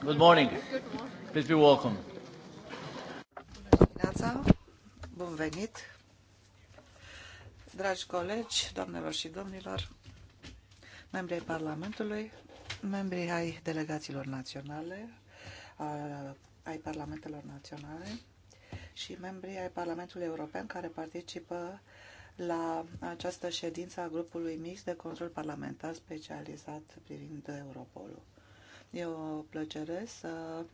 Good morning. Please be welcome. Dimineața. Bun venit. Dragi colegi, doamnelor și domnilor, membrii ai Parlamentului, membrii ai delegațiilor naționale, ai Parlamentelor naționale și membrii ai Parlamentului European care participă la această ședință a grupului mix de control parlamentar specializat privind Europolul. E o plăcere să uh,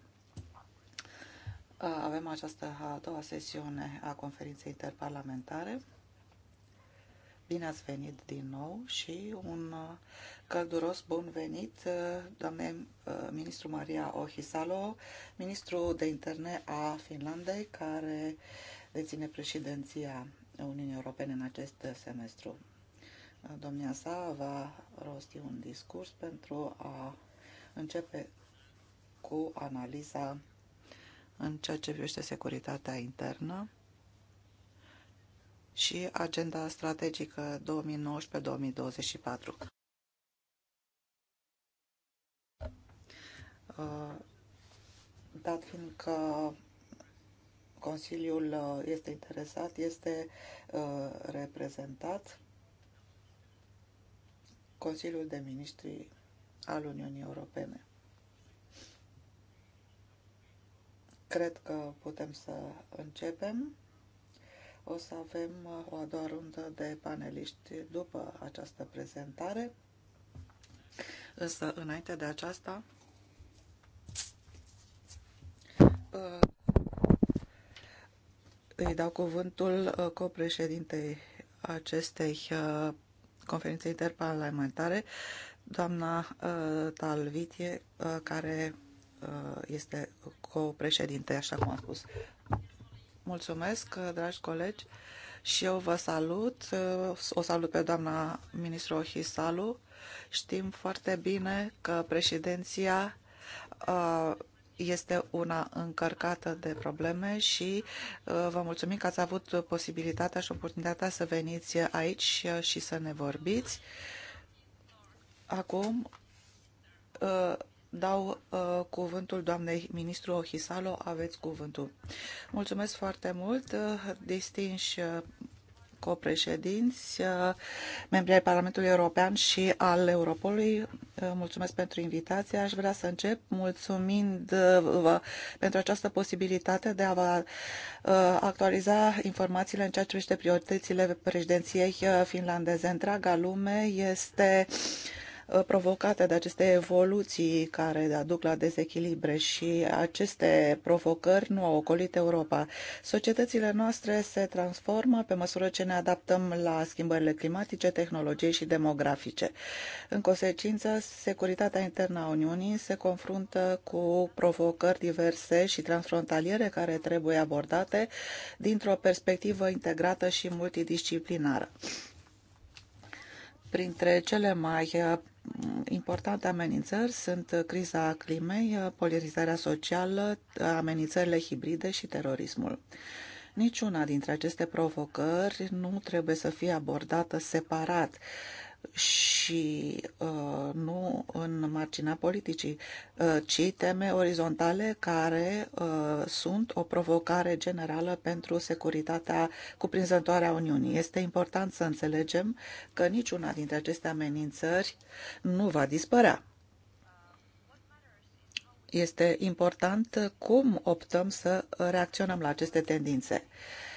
avem această a doua sesiune a conferinței interparlamentare. Bine ați venit din nou și un uh, călduros bun venit uh, doamnei ministru Maria Ohisalo, ministru de interne a Finlandei, care deține președinția Uniunii Europene în acest semestru. Domnia sa va rosti un discurs pentru a începe cu analiza în ceea ce privește securitatea internă și agenda strategică 2019-2024. Uh, dat fiind că Consiliul uh, este interesat, este uh, reprezentat Consiliul de Ministri al Uniunii Europene. Cred că putem să începem. O să avem o a doua rundă de paneliști după această prezentare. Însă, înainte de aceasta, îi dau cuvântul uh, copreședintei acestei uh, conferințe interparlamentare, doamna uh, Talvitie, uh, care uh, este co-președinte, așa cum am spus. Mulțumesc, uh, dragi colegi, și eu vă salut. Uh, o salut pe doamna ministru Ohisalu. Știm foarte bine că președinția uh, este una încărcată de probleme și vă mulțumim că ați avut posibilitatea și oportunitatea să veniți aici și să ne vorbiți. Acum uh, dau uh, cuvântul doamnei ministru Ohisalo. Aveți cuvântul. Mulțumesc foarte mult, uh, distinși copreședinți, membri ai Parlamentului European și al Europolului. Mulțumesc pentru invitație. Aș vrea să încep mulțumind vă pentru această posibilitate de a vă actualiza informațiile în ceea ce privește prioritățile președinției finlandeze. Întreaga lume este uh, Uh, provocate de aceste evoluții care aduc la dezechilibre și aceste provocări nu au ocolit Europa. Societățile noastre se transformă pe măsură ce ne adaptăm la schimbările climatice, tehnologiei și demografice. În consecință, securitatea internă a Uniunii se confruntă cu provocări diverse și transfrontaliere care trebuie abordate dintr-o perspectivă integrată și multidisciplinară. Printre cele mai importante amenințări sunt criza climei, polarizarea socială, amenințările hibride și terorismul. Niciuna dintre aceste provocări nu trebuie să fie abordată separat și uh, nu în marginea politicii, uh, ci teme orizontale care uh, sunt o provocare generală pentru securitatea cuprinzătoare a Uniunii. Este important să înțelegem că niciuna dintre aceste amenințări nu va dispărea. Este important cum optăm să reacționăm la aceste tendințe. Uh,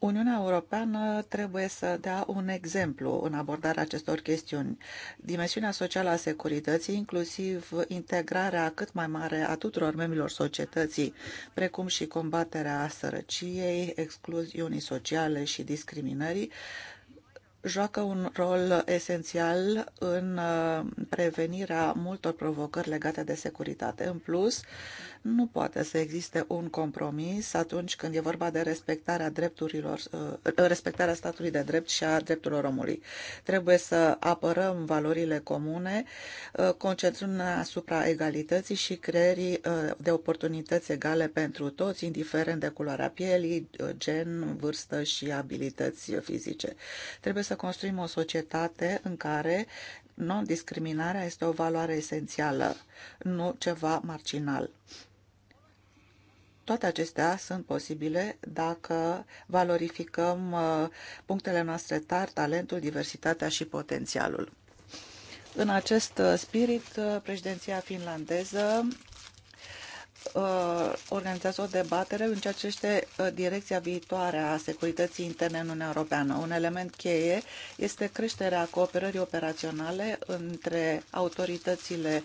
Uniunea Europeană trebuie să dea un exemplu în abordarea acestor chestiuni. Dimensiunea socială a securității, inclusiv integrarea cât mai mare a tuturor membrilor societății, precum și combaterea sărăciei, excluziunii sociale și discriminării, joacă un rol esențial în uh, prevenirea multor provocări legate de securitate. În plus, nu poate să existe un compromis atunci când e vorba de respectarea drepturilor, uh, respectarea statului de drept și a drepturilor omului. Trebuie să apărăm valorile comune, uh, concentrându-ne asupra egalității și creierii de oportunități egale pentru toți, indiferent de culoarea pielii, gen, vârstă și abilități fizice. Trebuie să construim o societate în care non-discriminarea este o valoare esențială, nu ceva marginal. Toate acestea sunt posibile dacă valorificăm uh, punctele noastre tari, talentul, diversitatea și potențialul. În acest uh, spirit, uh, președinția finlandeză uh, organizează o debatere în ceea ce este uh, direcția viitoare a securității interne în Uniunea Europeană. Un element cheie este creșterea cooperării operaționale între autoritățile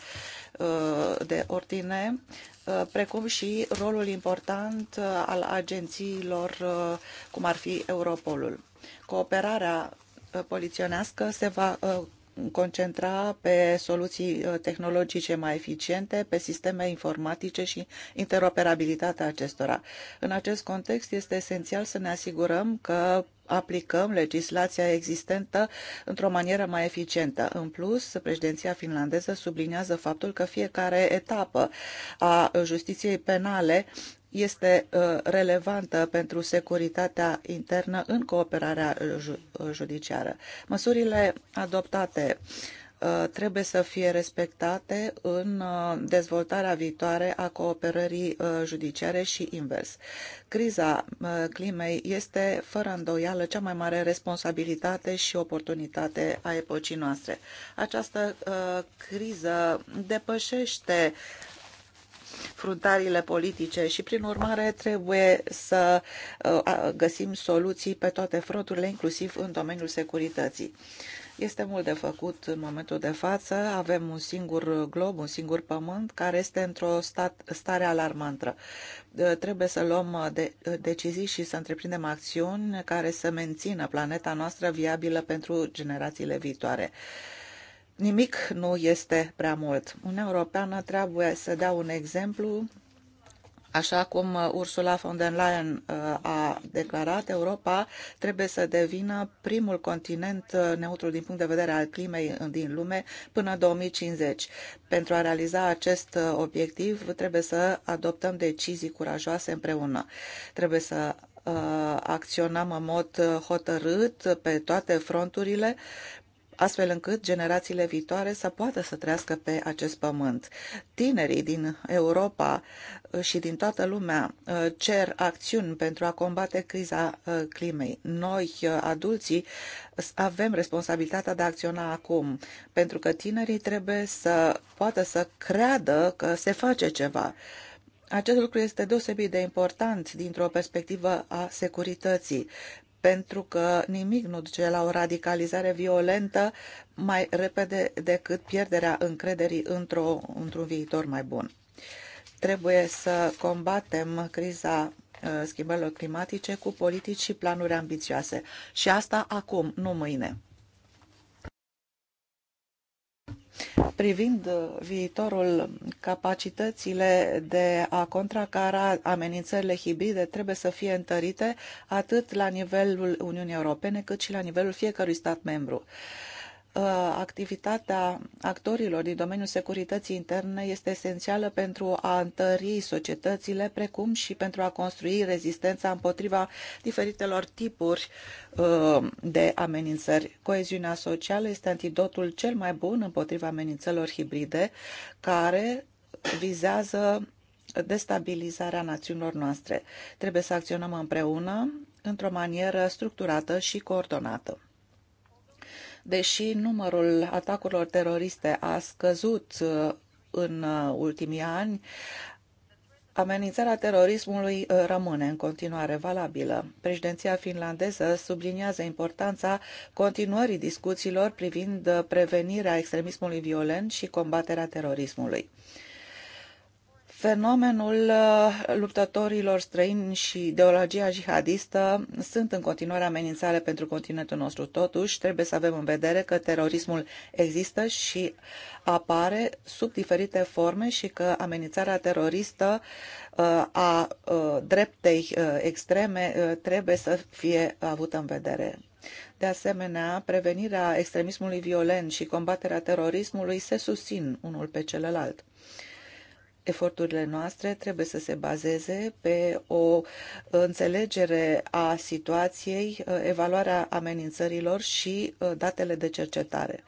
uh, de ordine, uh, precum și rolul important uh, al agențiilor, uh, cum ar fi Europolul. Cooperarea poliționească se va concentra pe soluții uh, tehnologice mai eficiente, pe sisteme informatice și interoperabilitatea acestora. În acest context este esențial să ne asigurăm că aplicăm legislația existentă într-o manieră mai eficientă. În plus, președinția finlandeză subliniază faptul că fiecare etapă a justiției penale este uh, relevantă pentru securitatea internă în cooperarea uh, uh, judiciară. Măsurile adoptate trebuie să fie respectate în dezvoltarea viitoare a cooperării judiciare și invers. Criza climei este fără îndoială cea mai mare responsabilitate și oportunitate a epocii noastre. Această criză depășește fruntariile politice și, prin urmare, trebuie să uh, găsim soluții pe toate fronturile, inclusiv în domeniul securității. Este mult de făcut în momentul de față. Avem un singur glob, un singur pământ care este într-o stare alarmantă. Uh, trebuie să luăm uh, de, decizii și să întreprindem acțiuni care să mențină planeta noastră viabilă pentru generațiile viitoare nimic nu este prea mult. Uniunea Europeană trebuie să dea un exemplu, așa cum uh, Ursula von der Leyen uh, a declarat, Europa trebuie să devină primul continent uh, neutru din punct de vedere al climei din lume până 2050. Pentru a realiza acest obiectiv trebuie să adoptăm decizii curajoase împreună. Trebuie să acționăm în mod hotărât pe toate fronturile astfel încât generațiile viitoare să poată să trăiască pe acest pământ. Tinerii din Europa uh, și din toată lumea uh, cer acțiuni pentru a combate criza uh, climei. Noi, adulții, avem responsabilitatea de a acționa acum, pentru că tinerii trebuie să poată să creadă că se face ceva. Acest lucru este deosebit de important dintr-o perspectivă a securității, pentru că nimic nu duce la o radicalizare violentă mai repede decât pierderea încrederii într-un într viitor mai bun. Trebuie să combatem criza uh, schimbărilor climatice cu politici și planuri ambițioase. Și asta acum, nu mâine privind uh, viitorul, capacitățile de a contracara amenințările hibride trebuie să fie întărite atât la nivelul Uniunii Europene cât și la nivelul fiecărui stat membru. Uh, activitatea actorilor din domeniul securității interne este esențială pentru a întări societățile, precum și pentru a construi rezistența împotriva diferitelor tipuri uh, de amenințări. Coeziunea socială este antidotul cel mai bun împotriva amenințărilor hibride, care vizează destabilizarea națiunilor noastre. Trebuie să acționăm împreună într-o manieră structurată și coordonată. Deși numărul atacurilor teroriste a scăzut uh, în uh, ultimii ani, Amenințarea terorismului uh, rămâne în continuare valabilă. Președinția finlandeză subliniază importanța continuării discuțiilor privind prevenirea extremismului violent și combaterea terorismului. Fenomenul uh, luptătorilor străini și ideologia jihadistă sunt în continuare amenințare pentru continentul nostru. Totuși, trebuie să avem în vedere că terorismul există și apare sub diferite forme și că amenințarea teroristă uh, a uh, dreptei extreme trebuie să fie avută în vedere. De asemenea, prevenirea extremismului violent și combaterea terorismului se susțin unul pe celălalt eforturile noastre trebuie să se bazeze pe o înțelegere a situației, evaluarea amenințărilor și uh, datele de cercetare.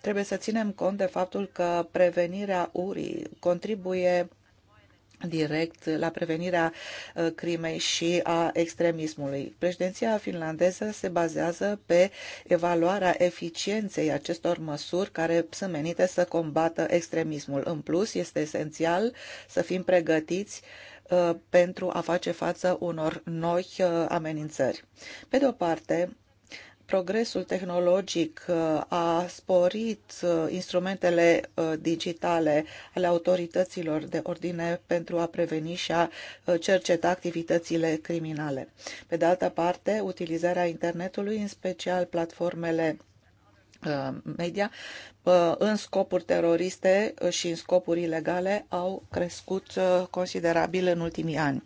Trebuie să ținem cont de faptul că prevenirea URI contribuie direct la prevenirea uh, crimei și a extremismului. Președinția finlandeză se bazează pe evaluarea eficienței acestor măsuri care sunt menite să combată extremismul. În plus, este esențial să fim pregătiți uh, pentru a face față unor noi uh, amenințări. Pe de o parte, progresul tehnologic uh, a sporit uh, instrumentele uh, digitale ale autorităților de ordine pentru a preveni și a cerceta activitățile criminale. Pe de altă parte, utilizarea internetului, în special platformele media, în scopuri teroriste și în scopuri ilegale, au crescut considerabil în ultimii ani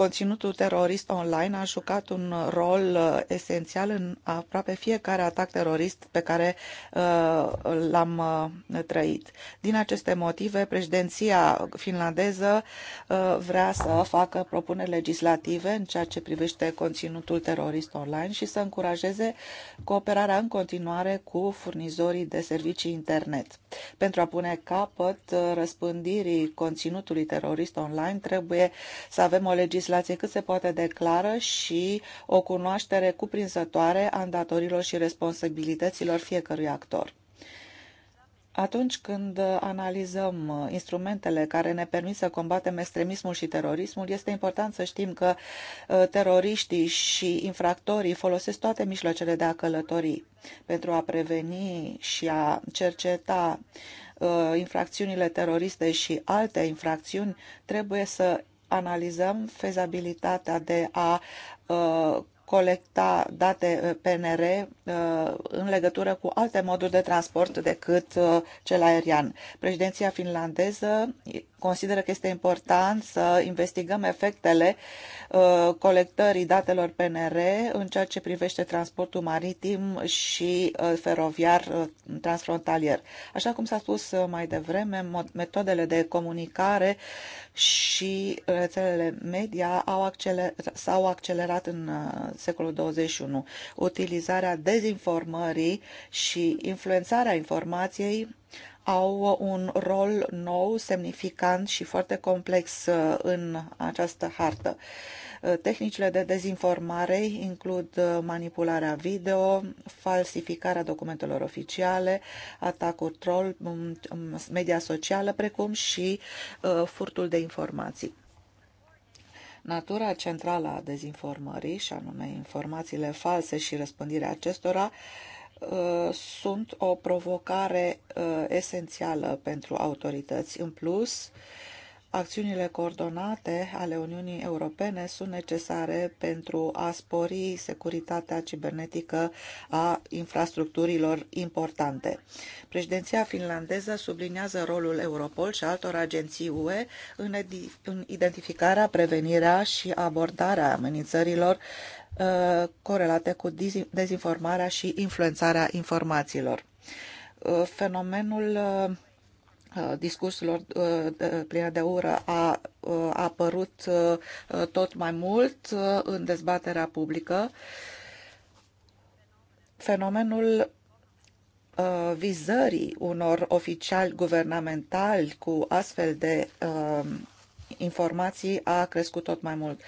Conținutul terorist online a jucat un rol uh, esențial în aproape fiecare atac terorist pe care uh, l-am uh, trăit. Din aceste motive, președinția finlandeză vrea să facă propuneri legislative în ceea ce privește conținutul terorist online și să încurajeze cooperarea în continuare cu furnizorii de servicii internet. Pentru a pune capăt răspândirii conținutului terorist online, trebuie să avem o legislație legislație cât se poate de clară și o cunoaștere cuprinzătoare a îndatorilor și responsabilităților fiecărui actor. Atunci când analizăm instrumentele care ne permit să combatem extremismul și terorismul, este important să știm că ă, teroriștii și infractorii folosesc toate mijloacele de a călători pentru a preveni și a cerceta ă, infracțiunile teroriste și alte infracțiuni, trebuie să analizăm fezabilitatea de a uh, colecta date uh, PNR uh, în legătură cu alte moduri de transport decât cel aerian. Președinția finlandeză consideră că este important să investigăm efectele uh, colectării datelor PNR în ceea ce privește transportul maritim și uh, feroviar uh, transfrontalier. Așa cum s-a spus mai devreme, metodele de comunicare și rețelele media s-au accelerat, accelerat în secolul 21. Utilizarea dezinformării și influențarea informației au un rol nou, semnificant și foarte complex uh, în această hartă. Uh, tehnicile de dezinformare includ uh, manipularea video, falsificarea documentelor oficiale, atacuri troll, um, um, media socială, precum și furtul de informații. Natura centrală a dezinformării, și anume informațiile false și răspândirea acestora, Uh, sunt o provocare uh, esențială pentru autorități. În plus, acțiunile coordonate ale Uniunii Europene sunt necesare pentru a spori securitatea cibernetică a infrastructurilor importante. Președinția finlandeză subliniază rolul Europol și altor agenții UE în, identificarea, prevenirea și abordarea amenințărilor Uh, corelate cu dezinformarea și influențarea informațiilor. Uh, fenomenul uh, discursurilor pline de ură a apărut tot mai mult în dezbaterea publică. Fenomenul vizării unor oficiali guvernamentali cu astfel de informații a crescut tot mai mult.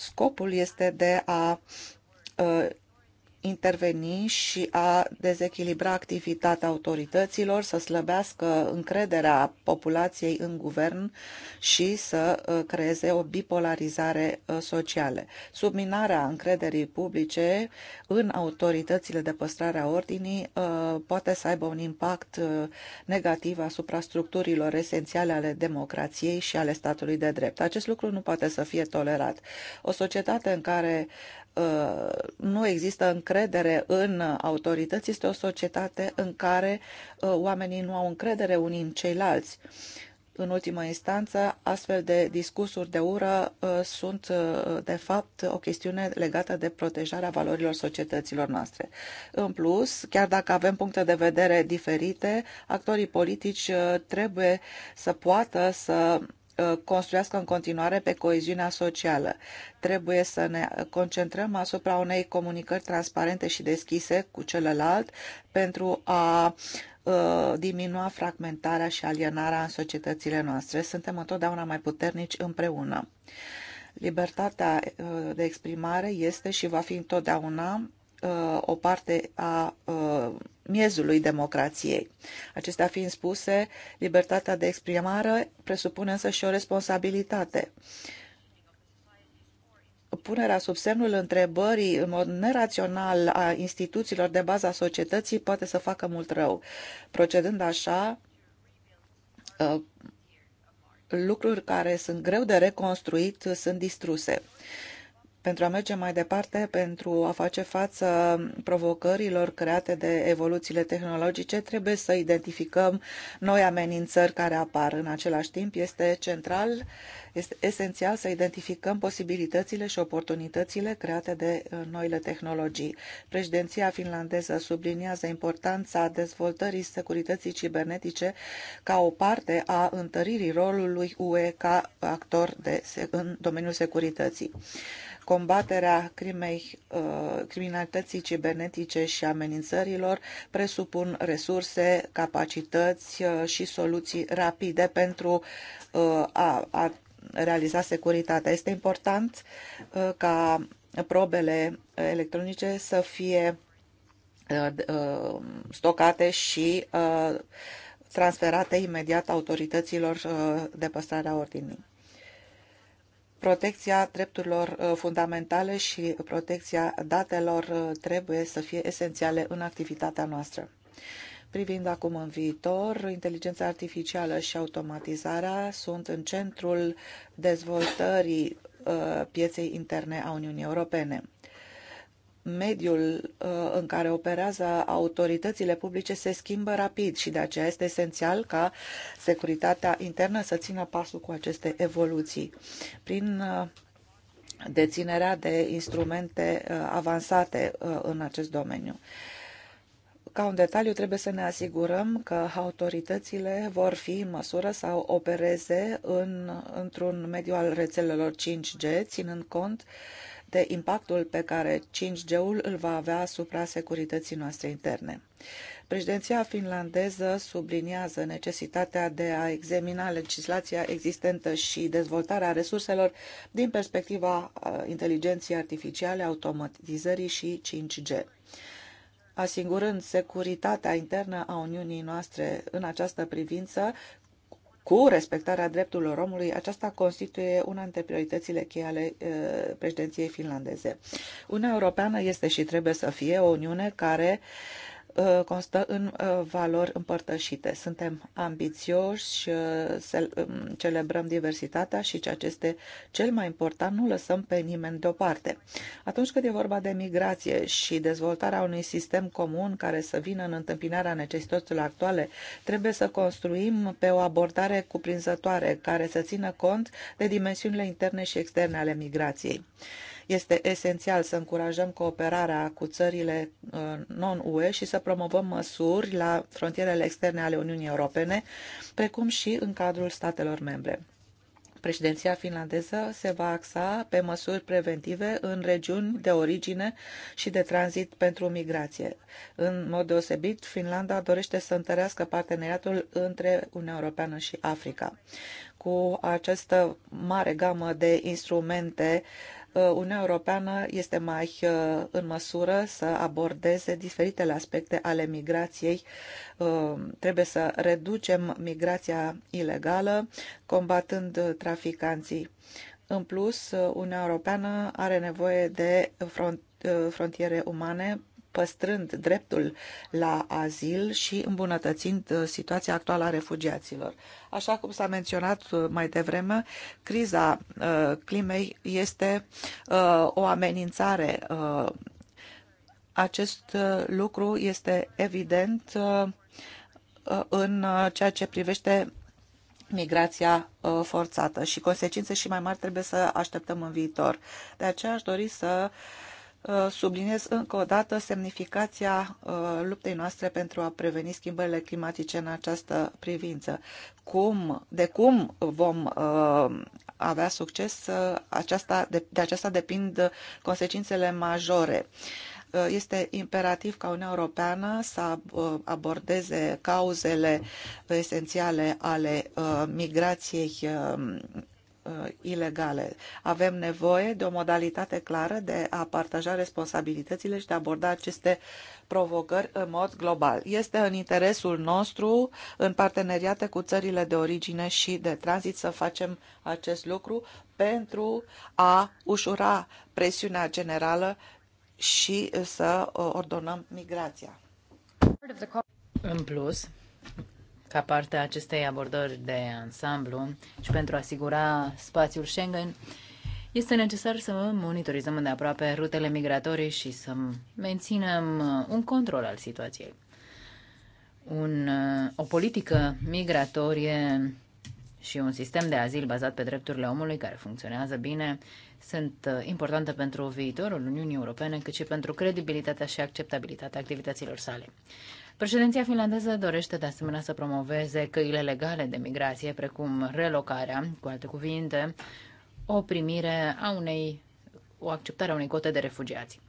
Scopul este de a uh, interveni și a dezechilibra activitatea autorităților, să slăbească încrederea populației în guvern și să uh, creeze o bipolarizare uh, socială. Subminarea încrederii publice în autoritățile de păstrare a ordinii uh, poate să aibă un impact negativ asupra structurilor esențiale ale democrației și ale statului de drept. Acest lucru nu poate să fie tolerat. O societate în care nu există încredere în autorități, este o societate în care uh, oamenii nu au încredere unii în ceilalți. În ultimă instanță, astfel de discursuri de ură uh, sunt, uh, de fapt, o chestiune legată de protejarea valorilor societăților noastre. În plus, chiar dacă avem puncte de vedere diferite, actorii politici trebuie să poată să Uh, construiască în continuare pe coeziunea socială. Trebuie să ne concentrăm asupra unei comunicări transparente și deschise cu celălalt pentru a uh, diminua fragmentarea și alienarea în societățile noastre. Suntem întotdeauna mai puternici împreună. Libertatea uh, de exprimare este și va fi întotdeauna uh, o parte a uh, miezului democrației. Acestea fiind spuse, libertatea de exprimare presupune însă și o responsabilitate. Punerea sub semnul întrebării în mod nerațional a instituțiilor de bază a societății poate să facă mult rău. Procedând așa, uh, lucruri care sunt greu de reconstruit sunt distruse pentru a merge mai departe, pentru a face față provocărilor create de evoluțiile tehnologice, trebuie să identificăm noi amenințări care apar. În același timp, este central, este esențial să identificăm posibilitățile și oportunitățile create de uh, noile tehnologii. Președinția finlandeză subliniază importanța dezvoltării securității cibernetice ca o parte a întăririi rolului UE ca actor de, în domeniul securității combaterea crimei, uh, criminalității cibernetice și amenințărilor presupun resurse, capacități uh, și soluții rapide pentru uh, a, a realiza securitatea. Este important ca probele electronice să fie stocate și transferate imediat autorităților de păstrare a ordinii protecția drepturilor uh, fundamentale și protecția datelor uh, trebuie să fie esențiale în activitatea noastră. Privind acum în viitor, inteligența artificială și automatizarea sunt în centrul dezvoltării uh, pieței interne a Uniunii Europene mediul uh, în care operează autoritățile publice se schimbă rapid și de aceea este esențial ca securitatea internă să țină pasul cu aceste evoluții. Prin uh, deținerea de instrumente uh, avansate în acest domeniu. Ca un detaliu, trebuie să ne asigurăm că autoritățile vor fi în măsură să opereze în, într-un mediu al rețelelor 5G, ținând cont uh, de impactul pe care 5G-ul îl va avea asupra securității noastre interne. Președinția finlandeză subliniază necesitatea de a examina legislația existentă și dezvoltarea resurselor din perspectiva uh, inteligenței artificiale, automatizării și 5G asigurând securitatea internă a Uniunii noastre în această privință, cu respectarea drepturilor omului, aceasta constituie una dintre prioritățile cheie ale președinției finlandeze. Uniunea Europeană este și trebuie să fie o Uniune care uh, Uh, constă în uh, valori împărtășite. Suntem ambițioși, uh, um, celebrăm diversitatea și ceea ce este cel mai important, nu lăsăm pe nimeni deoparte. Atunci când e vorba de migrație și dezvoltarea unui sistem comun care să vină în întâmpinarea necesităților actuale, trebuie să construim pe o abordare cuprinzătoare care să țină cont de dimensiunile interne și externe ale migrației. Este esențial să încurajăm cooperarea cu țările uh, non-UE și să promovăm măsuri la frontierele externe ale Uniunii Europene, precum și în cadrul statelor membre. Președinția finlandeză se va axa pe măsuri preventive în regiuni de origine și de tranzit pentru migrație. În mod deosebit, Finlanda dorește să întărească parteneriatul între Uniunea Europeană și Africa. Cu această mare gamă de instrumente uh, Uh, Uniunea Europeană este mai uh, în măsură să abordeze diferitele aspecte ale migrației. Uh, trebuie să reducem migrația ilegală, combatând traficanții. În plus, Uniunea Europeană are nevoie de front, frontiere umane păstrând dreptul la azil și îmbunătățind uh, situația actuală a refugiaților. Așa cum s-a menționat uh, mai devreme, criza uh, climei este o amenințare. acest lucru este evident în ceea ce privește migrația forțată și consecințe și mai mari trebuie să așteptăm în viitor. De aceea aș dori să uh, Uh, subliniez încă o dată semnificația uh, luptei noastre pentru a preveni schimbările climatice în această privință. Cum, de cum vom uh, avea succes, aceasta, de, de aceasta depind consecințele majore. Este imperativ ca Uniunea Europeană să abordeze cauzele esențiale ale migrației uh, ilegale. Avem nevoie de o modalitate clară de a partaja responsabilitățile și de a aborda aceste provocări în mod global. Este în interesul nostru, în parteneriate cu țările de origine și de tranzit, să facem acest lucru pentru a ușura presiunea generală și să uh, ordonăm migrația. În plus, ca parte a acestei abordări de ansamblu și pentru a asigura spațiul Schengen, este necesar să monitorizăm îndeaproape rutele migratorii și să menținem un control al situației. Un, o politică migratorie și un sistem de azil bazat pe drepturile omului care funcționează bine sunt uh, importante pentru viitorul Uniunii Europene, cât și pentru credibilitatea și acceptabilitatea activităților sale. Președinția finlandeză dorește de asemenea să promoveze căile legale de migrație, precum relocarea, cu alte cuvinte, o primire a unei, o acceptare a unei cote de refugiați.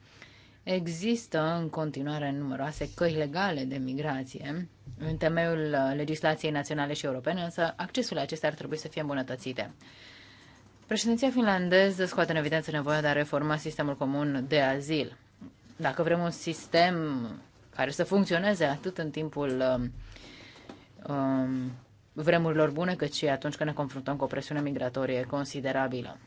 Există în continuare numeroase căi legale de migrație în temeiul legislației naționale și europene, însă accesul la acestea ar trebui să fie îmbunătățite. Președinția finlandeză scoate în evidență nevoia de a reforma sistemul comun de azil. Dacă vrem un sistem care să funcționeze atât în timpul um, um, vremurilor bune, cât și atunci când ne confruntăm cu o presiune migratorie considerabilă.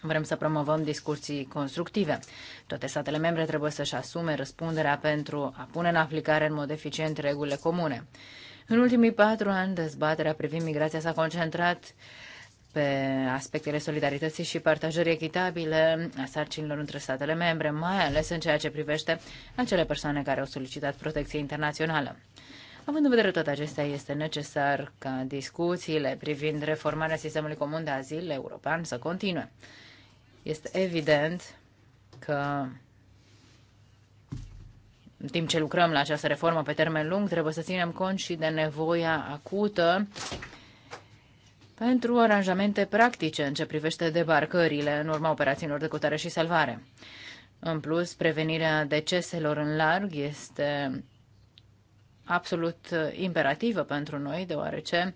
Vrem să promovăm discuții constructive. Toate statele membre trebuie să-și asume răspunderea pentru a pune în aplicare în mod eficient regulile comune. În ultimii patru ani, dezbaterea privind migrația s-a concentrat uh, pe aspectele solidarității și partajării echitabile a sarcinilor între statele membre, mai ales în ceea ce privește acele persoane care au solicitat protecție internațională. Având în vedere toate acestea, este necesar ca discuțiile privind reformarea sistemului comun de azil european să continue. Este evident că în timp ce lucrăm la această reformă pe termen lung, trebuie să ținem cont și de nevoia acută pentru aranjamente practice în ce privește debarcările în urma operațiunilor de cutare și salvare. În plus, prevenirea deceselor în larg este absolut imperativă pentru noi, deoarece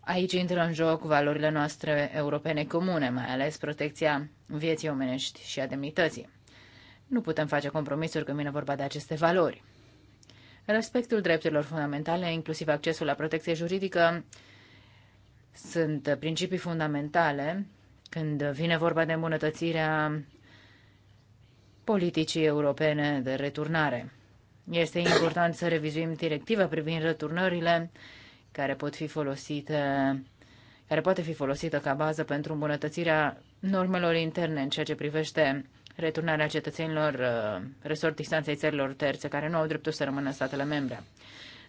aici intră în joc valorile noastre europene comune, mai ales protecția vieții omenești și a demnității. Nu putem face compromisuri când vine vorba de aceste valori. Respectul drepturilor fundamentale, inclusiv accesul la protecție juridică, sunt principii fundamentale când vine vorba de îmbunătățirea politicii europene de returnare. Este important să revizuim directiva privind returnările care pot fi folosite care poate fi folosită ca bază pentru îmbunătățirea normelor interne în ceea ce privește returnarea cetățenilor uh, resortistanței țărilor terțe care nu au dreptul să rămână în statele membre.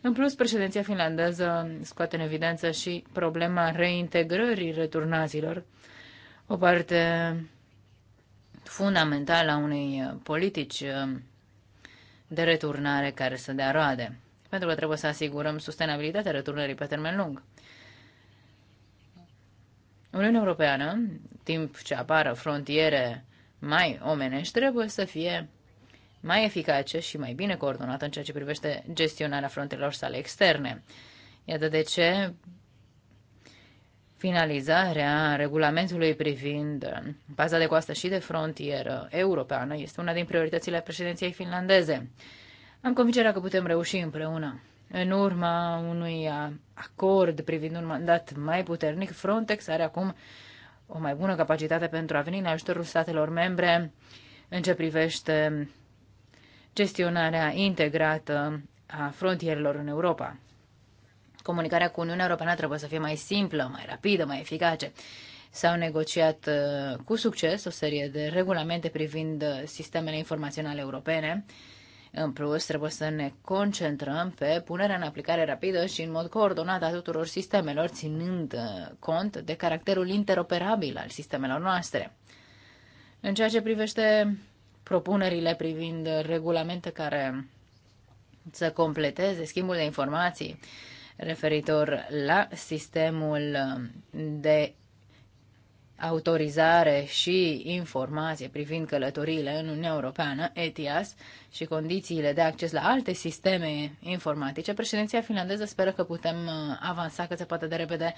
În plus, președinția finlandeză scoate în evidență și problema reintegrării returnazilor, o parte fundamentală a unei uh, politici uh, de returnare care să dea roade, pentru că trebuie să asigurăm sustenabilitatea returnării pe termen lung. Uniunea Europeană, timp ce apară frontiere mai omenești trebuie să fie mai eficace și mai bine coordonată în ceea ce privește gestionarea frontelor sale externe. Iată de ce finalizarea regulamentului privind uh, baza de coastă și de frontieră europeană este una din prioritățile președinției finlandeze. Am convingerea că putem reuși împreună. În urma unui uh, acord privind un mandat mai puternic, Frontex are acum o mai bună capacitate pentru a veni în ajutorul statelor membre în ce privește gestionarea integrată a frontierelor în Europa. Comunicarea cu Uniunea Europeană trebuie să fie mai simplă, mai rapidă, mai eficace. S-au negociat uh, cu succes o serie de regulamente privind uh, sistemele informaționale europene, în plus, trebuie să ne concentrăm pe punerea în aplicare rapidă și în mod coordonat a tuturor sistemelor, ținând uh, cont de caracterul interoperabil al sistemelor noastre. În ceea ce privește propunerile privind regulamente care să completeze schimbul de informații referitor la sistemul uh, de autorizare și informație privind călătoriile în Uniunea Europeană, ETIAS, și condițiile de acces la alte sisteme informatice, președinția finlandeză speră că putem uh, avansa cât se poate de repede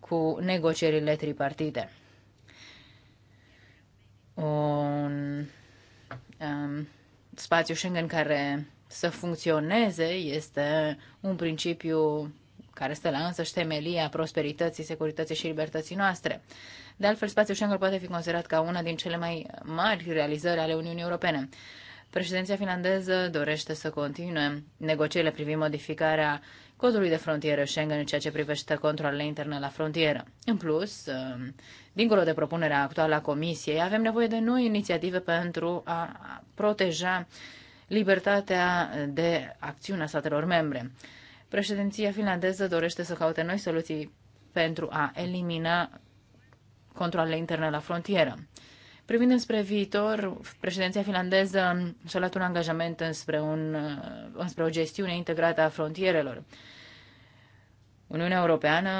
cu negocierile tripartite. Un um, spațiu Schengen care să funcționeze este un principiu care stă la însăși temelia prosperității, securității și libertății noastre. De altfel, spațiul Schengen poate fi considerat ca una din cele mai mari realizări ale Uniunii Europene. Președinția finlandeză dorește să continue negocierile privind modificarea codului de frontieră Schengen în ceea ce privește controlele interne la frontieră. În plus, um, dincolo de propunerea actuală a Comisiei, avem nevoie de noi inițiative pentru a proteja libertatea de acțiune a statelor membre. Președinția finlandeză dorește să caute noi soluții pentru a elimina controlele interne la frontieră. Privind spre viitor, președinția finlandeză și-a luat un angajament înspre, un, înspre o gestiune integrată a frontierelor. Uniunea Europeană,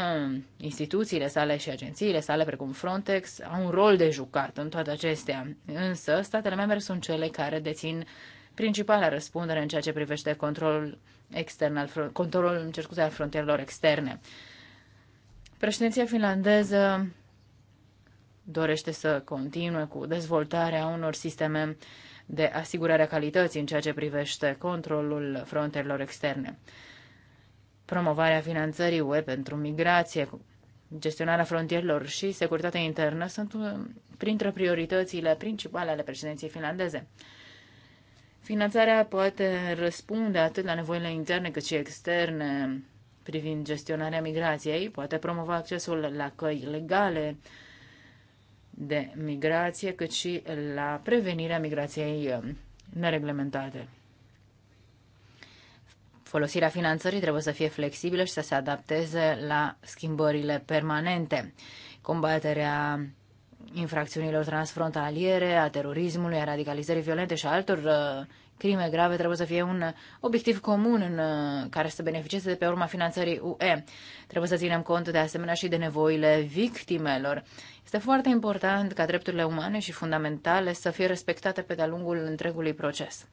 instituțiile sale și agențiile sale, precum Frontex, au un rol de jucat în toate acestea, însă statele membre sunt cele care dețin principala răspundere în ceea ce privește controlul extern al, controlul, scuze, al frontierelor externe. Președinția finlandeză dorește să continue cu dezvoltarea unor sisteme de asigurare a calității în ceea ce privește controlul frontelor externe, promovarea finanțării UE pentru migrație, gestionarea frontierelor și securitatea internă sunt uh, printre prioritățile principale ale președinției finlandeze. Finanțarea poate răspunde atât la nevoile interne cât și externe privind gestionarea migrației, poate promova accesul la căi legale de migrație, cât și la prevenirea migrației uh, nereglementate. Folosirea finanțării trebuie să fie flexibilă și să se adapteze la schimbările permanente. Combaterea infracțiunilor transfrontaliere, a terorismului, a radicalizării violente și a altor uh, crime grave trebuie să fie un uh, obiectiv comun în uh, care să beneficieze de pe urma finanțării UE. Trebuie să ținem cont de asemenea și de nevoile victimelor. Este foarte important ca drepturile umane și fundamentale să fie respectate pe de-a lungul întregului proces.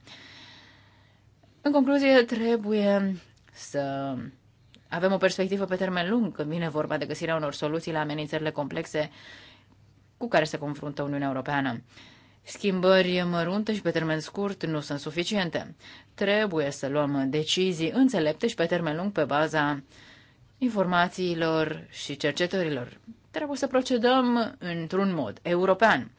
În concluzie, trebuie să avem o perspectivă pe termen lung când vine vorba de găsirea unor soluții la amenințările complexe cu care se confruntă Uniunea Europeană. Schimbări mărunte și pe termen scurt nu sunt suficiente. Trebuie să luăm decizii înțelepte și pe termen lung pe baza informațiilor și cercetărilor. Trebuie să procedăm într-un mod european.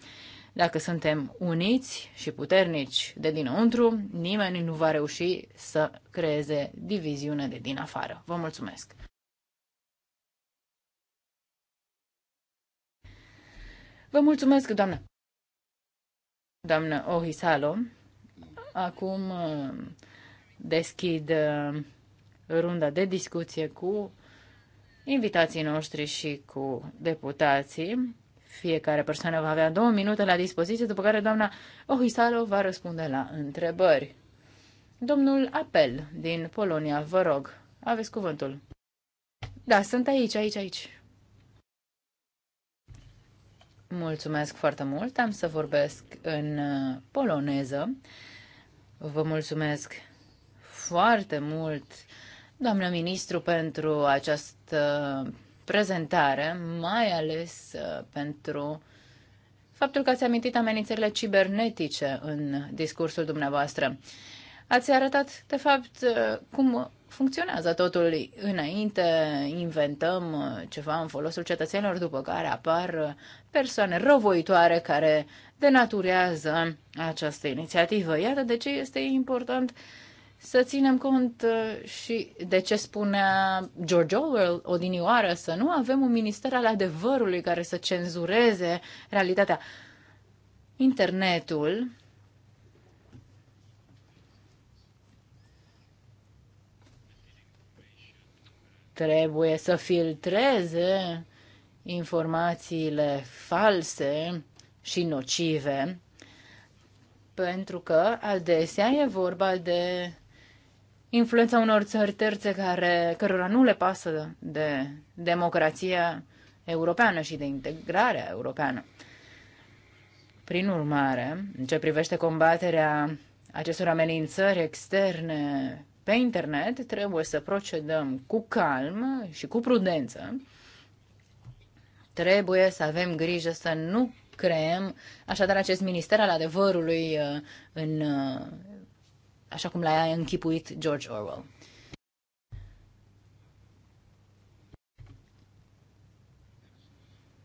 Dacă suntem uniți și puternici de dinăuntru, nimeni nu va reuși să creeze diviziune de din afară. Vă mulțumesc! Vă mulțumesc, doamnă! doamnă Ohisalo. Acum uh, deschid uh, runda de discuție cu invitații noștri și cu deputații. Fiecare persoană va avea două minute la dispoziție, după care doamna Ohisalo va răspunde la întrebări. Domnul Apel din Polonia, vă rog, aveți cuvântul. Da, sunt aici, aici, aici. Mulțumesc foarte mult. Am să vorbesc în uh, poloneză. Vă mulțumesc foarte mult, doamnă ministru, pentru această prezentare, mai ales uh, pentru faptul că ați amintit amenințările cibernetice în discursul dumneavoastră. Ați arătat, de fapt, uh, cum funcționează totul înainte, inventăm uh, ceva în folosul cetățenilor, după care apar uh, persoane răvoitoare care denaturează această inițiativă. Iată de ce este important să ținem cont uh, și de ce spunea George Orwell odinioară, să nu avem un minister al adevărului care să cenzureze realitatea. Internetul trebuie să filtreze informațiile false și nocive, pentru că adesea e vorba de influența unor țări terțe care, cărora nu le pasă de democrația europeană și de integrarea europeană. Prin urmare, în ce privește combaterea acestor amenințări externe pe internet, trebuie să procedăm cu calm și cu prudență. Trebuie să avem grijă să nu creăm așadar acest minister al adevărului uh, în, uh, așa cum l-a închipuit George Orwell.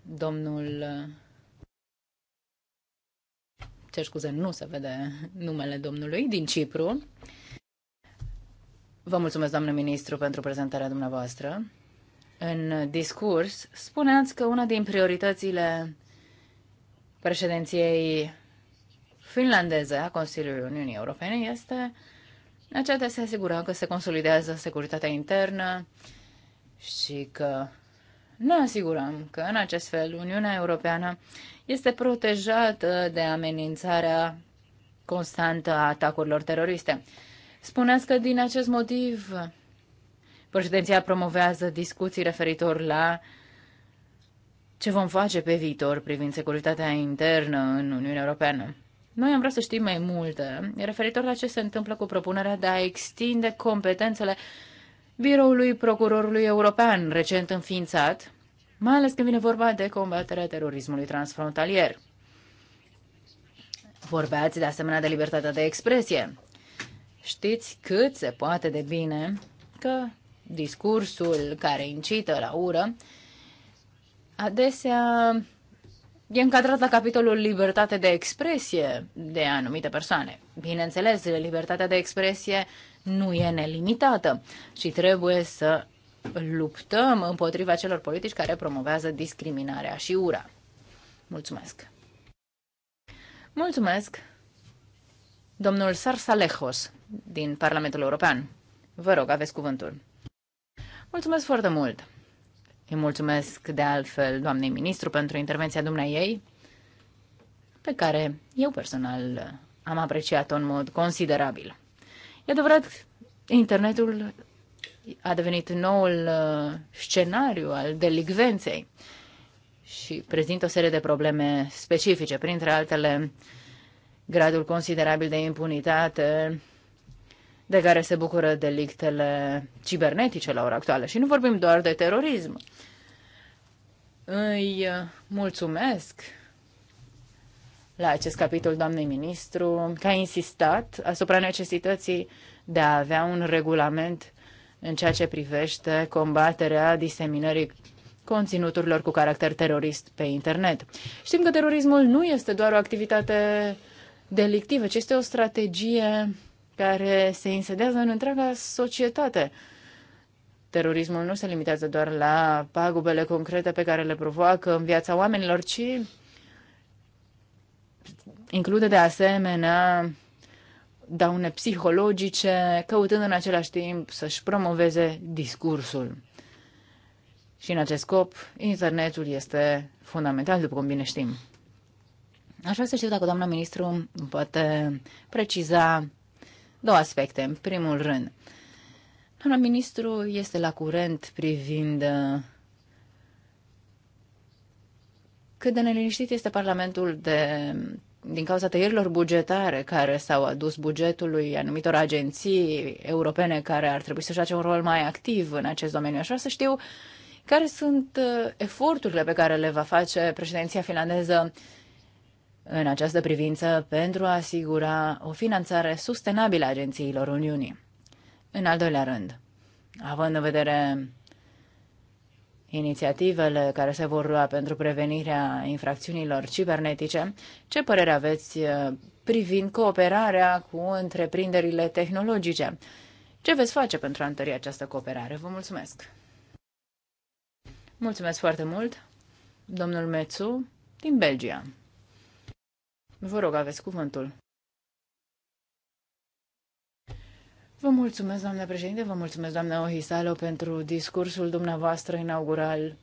Domnul uh, cer scuze, nu se vede numele domnului, din Cipru. Vă mulțumesc, doamnă ministru, pentru prezentarea dumneavoastră. În discurs spuneați că una din prioritățile președinției finlandeze a Consiliului Uniunii Europene este aceea de a se asigura că se consolidează securitatea internă și că ne asigurăm că în acest fel Uniunea Europeană este protejată de amenințarea constantă a atacurilor teroriste. Spuneați că din acest motiv președinția promovează discuții referitor la ce vom face pe viitor privind securitatea internă în Uniunea Europeană. Noi am vrea să știm mai multe referitor la ce se întâmplă cu propunerea de a extinde competențele biroului procurorului european recent înființat, mai ales când vine vorba de combaterea terorismului transfrontalier. Vorbeați de asemenea de libertatea de expresie. Știți cât se poate de bine că discursul care incită la ură adesea e încadrat la capitolul libertate de expresie de anumite persoane. Bineînțeles, libertatea de expresie nu e nelimitată și trebuie să luptăm împotriva celor politici care promovează discriminarea și ura. Mulțumesc! Mulțumesc! Domnul Sarsalejos din Parlamentul European. Vă rog, aveți cuvântul. Mulțumesc foarte mult! Îi mulțumesc de altfel doamnei ministru pentru intervenția dumnei ei, pe care eu personal am apreciat-o în mod considerabil. E adevărat, internetul a devenit noul uh, scenariu al delicvenței și prezintă o serie de probleme specifice, printre altele gradul considerabil de impunitate de care se bucură delictele cibernetice la ora actuală. Și nu vorbim doar de terorism. Îi uh, mulțumesc la acest capitol, doamnei ministru, că a insistat asupra necesității de a avea un regulament în ceea ce privește combaterea diseminării conținuturilor cu caracter terorist pe internet. Știm că terorismul nu este doar o activitate delictivă, ci este o strategie care se insedează în întreaga societate. Terorismul nu se limitează doar la pagubele concrete pe care le provoacă în viața oamenilor, ci include de asemenea daune psihologice, căutând în același timp să-și promoveze discursul. Și în acest scop, internetul este fundamental, după cum bine știm. Aș vrea să știu dacă doamna ministru poate preciza două aspecte. În primul rând, doamna ministru este la curent privind uh, cât de neliniștit este Parlamentul de din cauza tăierilor bugetare care s-au adus bugetului anumitor agenții europene care ar trebui să joace un rol mai activ în acest domeniu. Așa să știu care sunt uh, eforturile pe care le va face președinția finlandeză în această privință pentru a asigura o finanțare sustenabilă a agențiilor Uniunii. În al doilea rând, având în vedere inițiativele care se vor lua pentru prevenirea infracțiunilor cibernetice, ce părere aveți uh, privind cooperarea cu întreprinderile tehnologice? Ce veți face pentru a întări această cooperare? Vă mulțumesc! Mulțumesc foarte mult, domnul Mețu, din Belgia. Vă rog, aveți cuvântul. Vă mulțumesc, doamna președinte, vă mulțumesc, doamna Ohisalo, pentru discursul dumneavoastră inaugural.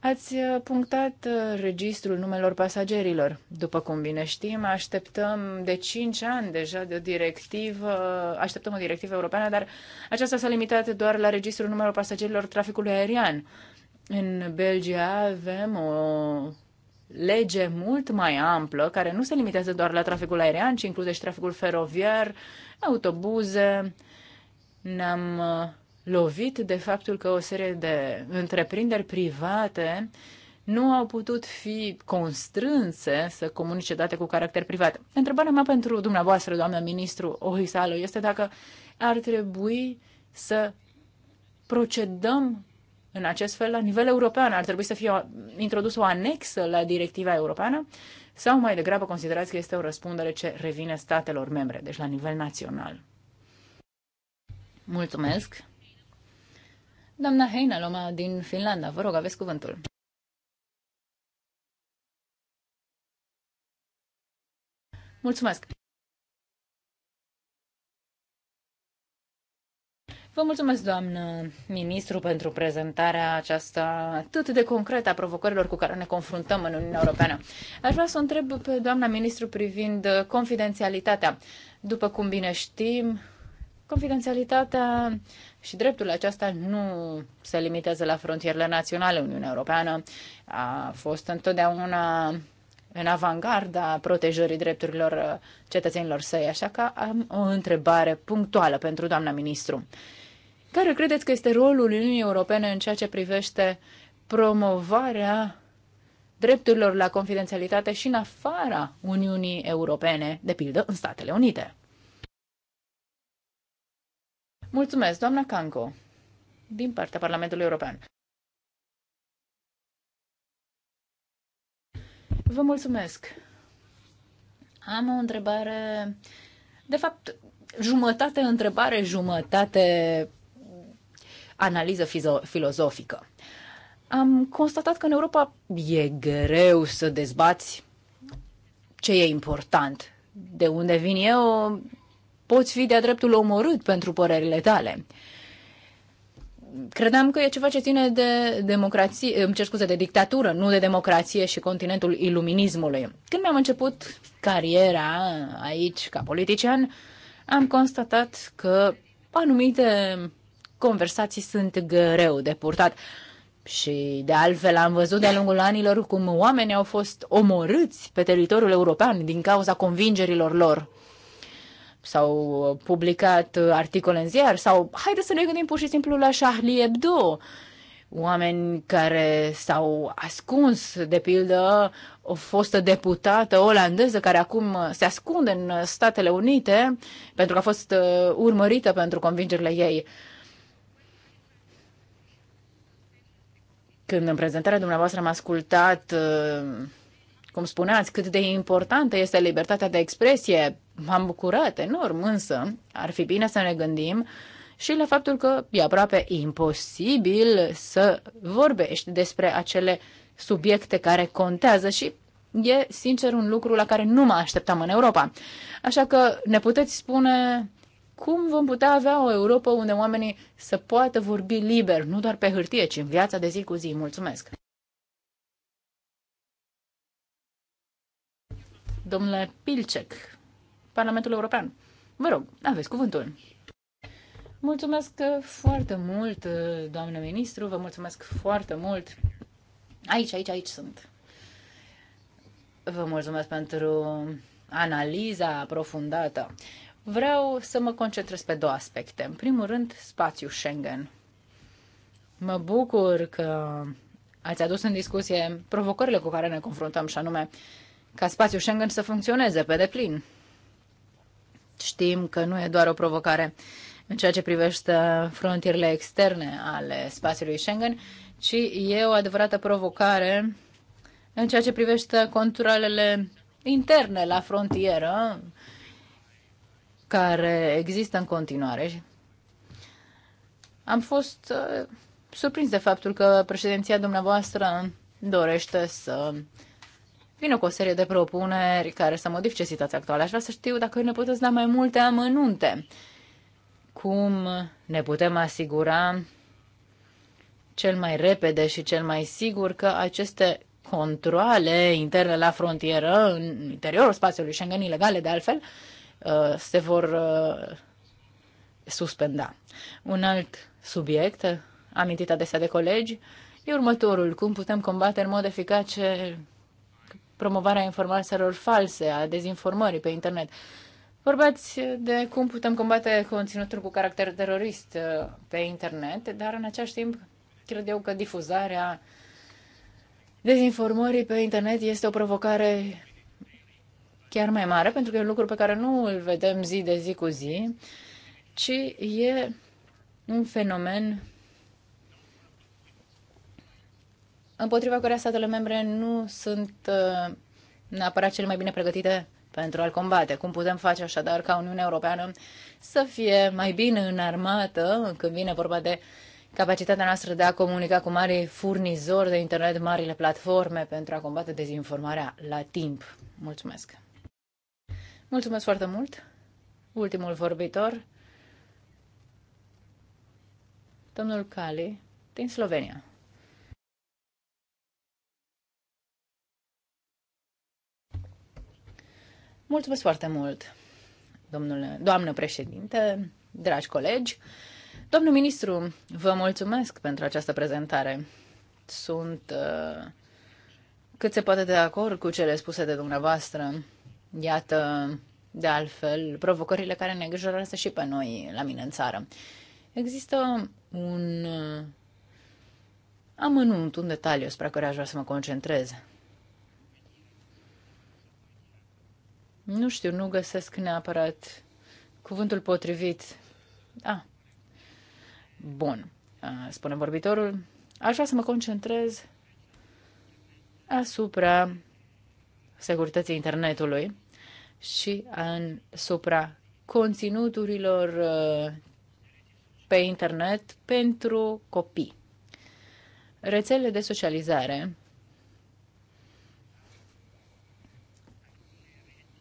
Ați uh, punctat uh, registrul numelor pasagerilor. După cum bine știm, așteptăm de 5 ani deja de o directivă, așteptăm o directivă europeană, dar aceasta s-a limitat doar la registrul numelor pasagerilor traficului aerian. În Belgia avem o lege mult mai amplă, care nu se limitează doar la traficul aerian, ci include și traficul feroviar, autobuze. Ne-am uh, lovit de faptul că o serie de întreprinderi private nu au putut fi constrânse să comunice date cu caracter privat. Întrebarea mea pentru dumneavoastră, doamnă ministru Ohisalo, este dacă ar trebui să procedăm în acest fel, la nivel european, ar trebui să fie introdus o anexă la directiva europeană sau mai degrabă considerați că este o răspundere ce revine statelor membre, deci la nivel național. Mulțumesc! Doamna Heinaloma din Finlanda, vă rog, aveți cuvântul. Mulțumesc! Vă mulțumesc, doamnă ministru, pentru prezentarea aceasta atât de concretă a provocărilor cu care ne confruntăm în Uniunea Europeană. Aș vrea să o întreb pe doamna ministru privind confidențialitatea. După cum bine știm, confidențialitatea și dreptul acesta nu se limitează la frontierele naționale. Uniunea Europeană a fost întotdeauna în avangarda protejării drepturilor cetățenilor săi, așa că am o întrebare punctuală pentru doamna ministru. Care credeți că este rolul Uniunii Europene în ceea ce privește promovarea drepturilor la confidențialitate și în afara Uniunii Europene, de pildă în Statele Unite? Mulțumesc, doamna Canco, din partea Parlamentului European. Vă mulțumesc. Am o întrebare, de fapt, jumătate întrebare, jumătate analiză filozofică. Am constatat că în Europa e greu să dezbați ce e important. De unde vin eu, poți fi de-a dreptul omorât pentru părerile tale. Credeam că e ceva ce ține de democrație, îmi cer scuze, de dictatură, nu de democrație și continentul iluminismului. Când mi-am început cariera aici ca politician, am constatat că anumite conversații sunt greu de purtat. Și de altfel am văzut de-a lungul anilor cum oamenii au fost omorâți pe teritoriul european din cauza convingerilor lor. S-au publicat articole în ziar sau haideți să ne gândim pur și simplu la Charlie Hebdo. Oameni care s-au ascuns, de pildă, o fostă deputată olandeză care acum se ascunde în Statele Unite pentru că a fost uh, urmărită pentru convingerile ei. Uh, Când în prezentarea dumneavoastră am ascultat, uh, cum spuneați, cât de importantă este libertatea de expresie, m-am bucurat enorm, însă ar fi bine să ne gândim și la faptul că e aproape imposibil să vorbești despre acele subiecte care contează și e, sincer, un lucru la care nu mă așteptam în Europa. Așa că ne puteți spune cum vom putea avea o Europa unde oamenii să poată vorbi liber, nu doar pe hârtie, ci în viața de zi cu zi. Mulțumesc! Domnule Pilcec, Parlamentul European, vă rog, aveți cuvântul. Mulțumesc foarte mult, doamnă ministru, vă mulțumesc foarte mult. Aici, aici, aici sunt. Vă mulțumesc pentru analiza aprofundată vreau să mă concentrez pe două aspecte. În primul rând, spațiul Schengen. Mă bucur că ați adus în discuție provocările cu care ne confruntăm, și anume ca spațiul Schengen să funcționeze pe deplin. Știm că nu e doar o provocare în ceea ce privește frontierele externe ale spațiului Schengen, ci e o adevărată provocare în ceea ce privește controlele interne la frontieră, care există în continuare. Am fost uh, surprins de faptul că președinția dumneavoastră dorește să vină cu o serie de propuneri care să modifice situația actuală. Aș vrea să știu dacă ne puteți da mai multe amănunte. Cum ne putem asigura cel mai repede și cel mai sigur că aceste controle interne la frontieră, în interiorul spațiului Schengen, ilegale de altfel, uh, Uh, se vor uh, suspenda. Un alt subiect amintit adesea de colegi e următorul. Cum putem combate în mod eficace promovarea informațiilor false, a dezinformării pe internet? Vorbeați de cum putem combate conținutul cu caracter terorist uh, pe internet, dar în același timp cred eu că difuzarea dezinformării pe internet este o provocare chiar mai mare, pentru că e un lucru pe care nu îl vedem zi de zi cu zi, ci e un fenomen împotriva căreia statele membre nu sunt uh, neapărat cele mai bine pregătite pentru a-l combate. Cum putem face așadar ca Uniunea Europeană să fie mai bine înarmată când vine vorba de capacitatea noastră de a comunica cu mari furnizori de internet, marile platforme pentru a combate dezinformarea la timp. Mulțumesc! Mulțumesc foarte mult. Ultimul vorbitor, domnul Cali, din Slovenia. Mulțumesc foarte mult, domnule, doamnă președinte, dragi colegi. Domnul ministru, vă mulțumesc pentru această prezentare. Sunt uh, cât se poate de acord cu cele spuse de dumneavoastră. Iată, de altfel, provocările care ne îngrijorează și pe noi la mine în țară. Există un uh, amănunt, un detaliu spre care aș vrea să mă concentrez. Nu știu, nu găsesc neapărat cuvântul potrivit. Ah. Bun, uh, spune vorbitorul. Aș vrea să mă concentrez asupra securității internetului și în supra conținuturilor uh, pe internet pentru copii. Rețele de socializare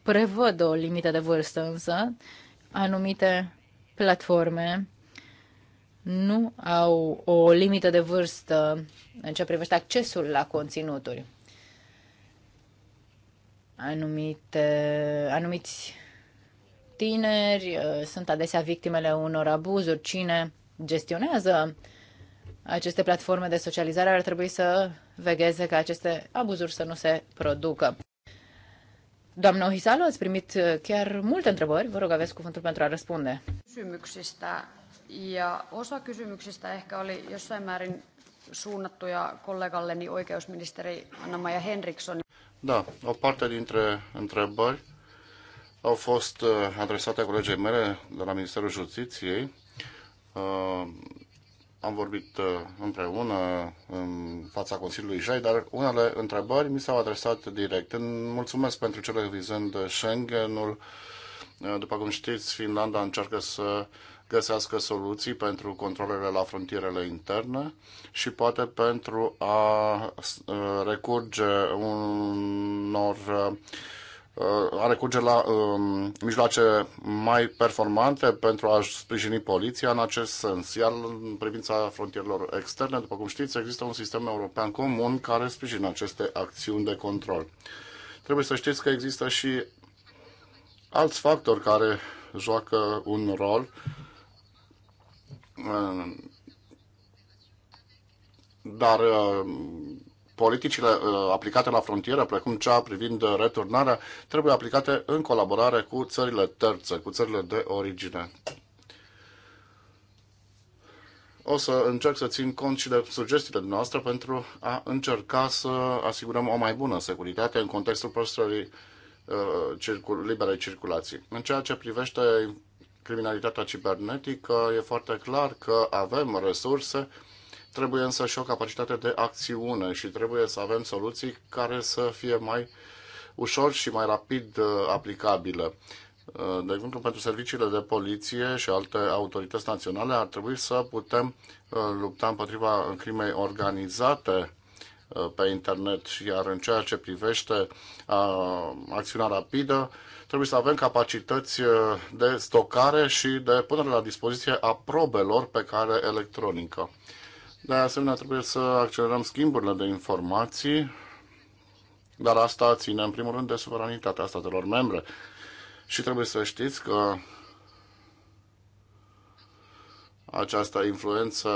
prevăd o limită de vârstă, însă anumite platforme nu au o limită de vârstă în ce privește accesul la conținuturi. Anumite, anumiți tineri uh, sunt adesea victimele unor abuzuri. Cine gestionează aceste platforme de socializare ar trebui să vegheze ca aceste abuzuri să nu se producă. Doamna Ohisalu, ați primit uh, chiar multe întrebări. Vă rog, aveți cuvântul pentru a răspunde. Ja osa kysymyksistä ehkä oli jossain määrin suunnattuja kollegalleni oikeusministeri Anna-Maja Henriksson. Da, o parte dintre întrebări au fost uh, adresate colegei mele de la Ministerul Justiției. Uh, am vorbit uh, împreună în fața Consiliului Jai, dar unele întrebări mi s-au adresat direct. Mulțumesc pentru cele vizând Schengenul. După cum știți, Finlanda încearcă să găsească soluții pentru controlele la frontierele interne și poate pentru a uh, recurge unor uh, a recurge la um, mijloace mai performante pentru a sprijini poliția în acest sens. Iar în privința frontierelor externe, după cum știți, există un sistem european comun care sprijină aceste acțiuni de control. Trebuie să știți că există și alți factori care joacă un rol Ehm, dar ehm, politicile ehm, aplicate la frontieră, precum cea privind returnarea, trebuie aplicate în colaborare cu țările terțe, cu țările de origine. O să încerc să țin cont și de sugestiile noastre pentru a încerca să asigurăm o mai bună securitate în contextul păstrării uh, circul, liberei circulații. În ceea ce privește criminalitatea cibernetică, e foarte clar că avem resurse, trebuie însă și o capacitate de acțiune și trebuie să avem soluții care să fie mai ușor și mai rapid uh, aplicabile. Uh, de exemplu, pentru serviciile de poliție și alte autorități naționale ar trebui să putem uh, lupta împotriva crimei organizate Uh, pe internet, iar în ceea ce privește uh, acțiunea rapidă, trebuie să avem capacități uh, de stocare și de punere la dispoziție a probelor pe care electronică. De asemenea, trebuie să accelerăm schimburile de informații, dar asta ține în primul rând de suveranitatea statelor membre. Și trebuie să știți că această influență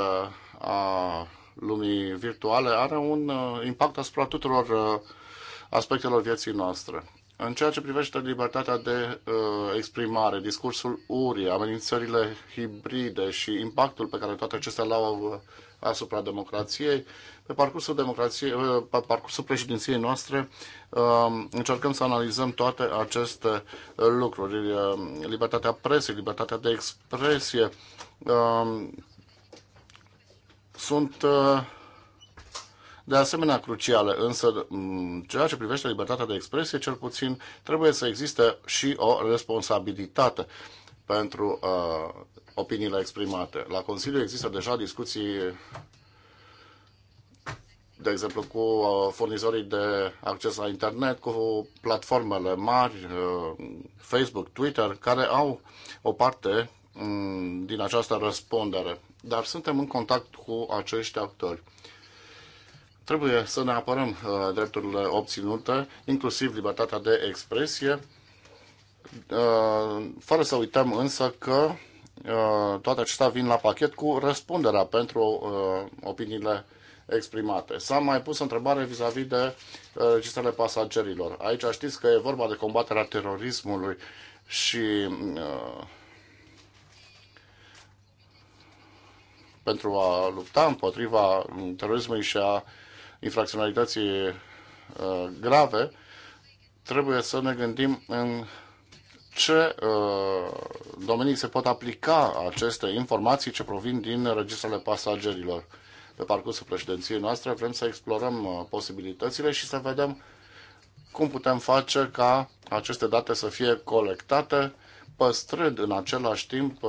a lumii virtuale are un uh, impact asupra tuturor uh, aspectelor vieții noastre. În ceea ce privește libertatea de uh, exprimare, discursul urii, amenințările hibride și impactul pe care toate acestea l-au uh, asupra democrației, pe parcursul, democrației, pe parcursul președinției noastre uh, încercăm să analizăm toate aceste lucruri. libertatea presiei, libertatea de expresie, uh, sunt uh, de asemenea cruciale, însă mm, ceea ce privește libertatea de expresie, cel puțin trebuie să existe și o responsabilitate pentru uh, opiniile exprimate. La Consiliu există deja discuții, de exemplu, cu uh, furnizorii de acces la internet, cu platformele mari, uh, Facebook, Twitter, care au o parte um, din această răspundere dar suntem în contact cu acești actori. Trebuie să ne apărăm uh, drepturile obținute, inclusiv libertatea de expresie, uh, fără să uităm însă că uh, toate acestea vin la pachet cu răspunderea pentru uh, opiniile exprimate. S-a mai pus o întrebare vis-a-vis -vis de uh, registrele pasagerilor. Aici știți că e vorba de combaterea terorismului și uh, pentru a lupta împotriva terorismului și a infracționalității uh, grave, trebuie să ne gândim în ce uh, domenii se pot aplica aceste informații ce provin din registrele pasagerilor. Pe parcursul președinției noastre vrem să explorăm uh, posibilitățile și să vedem cum putem face ca aceste date să fie colectate, păstrând în același timp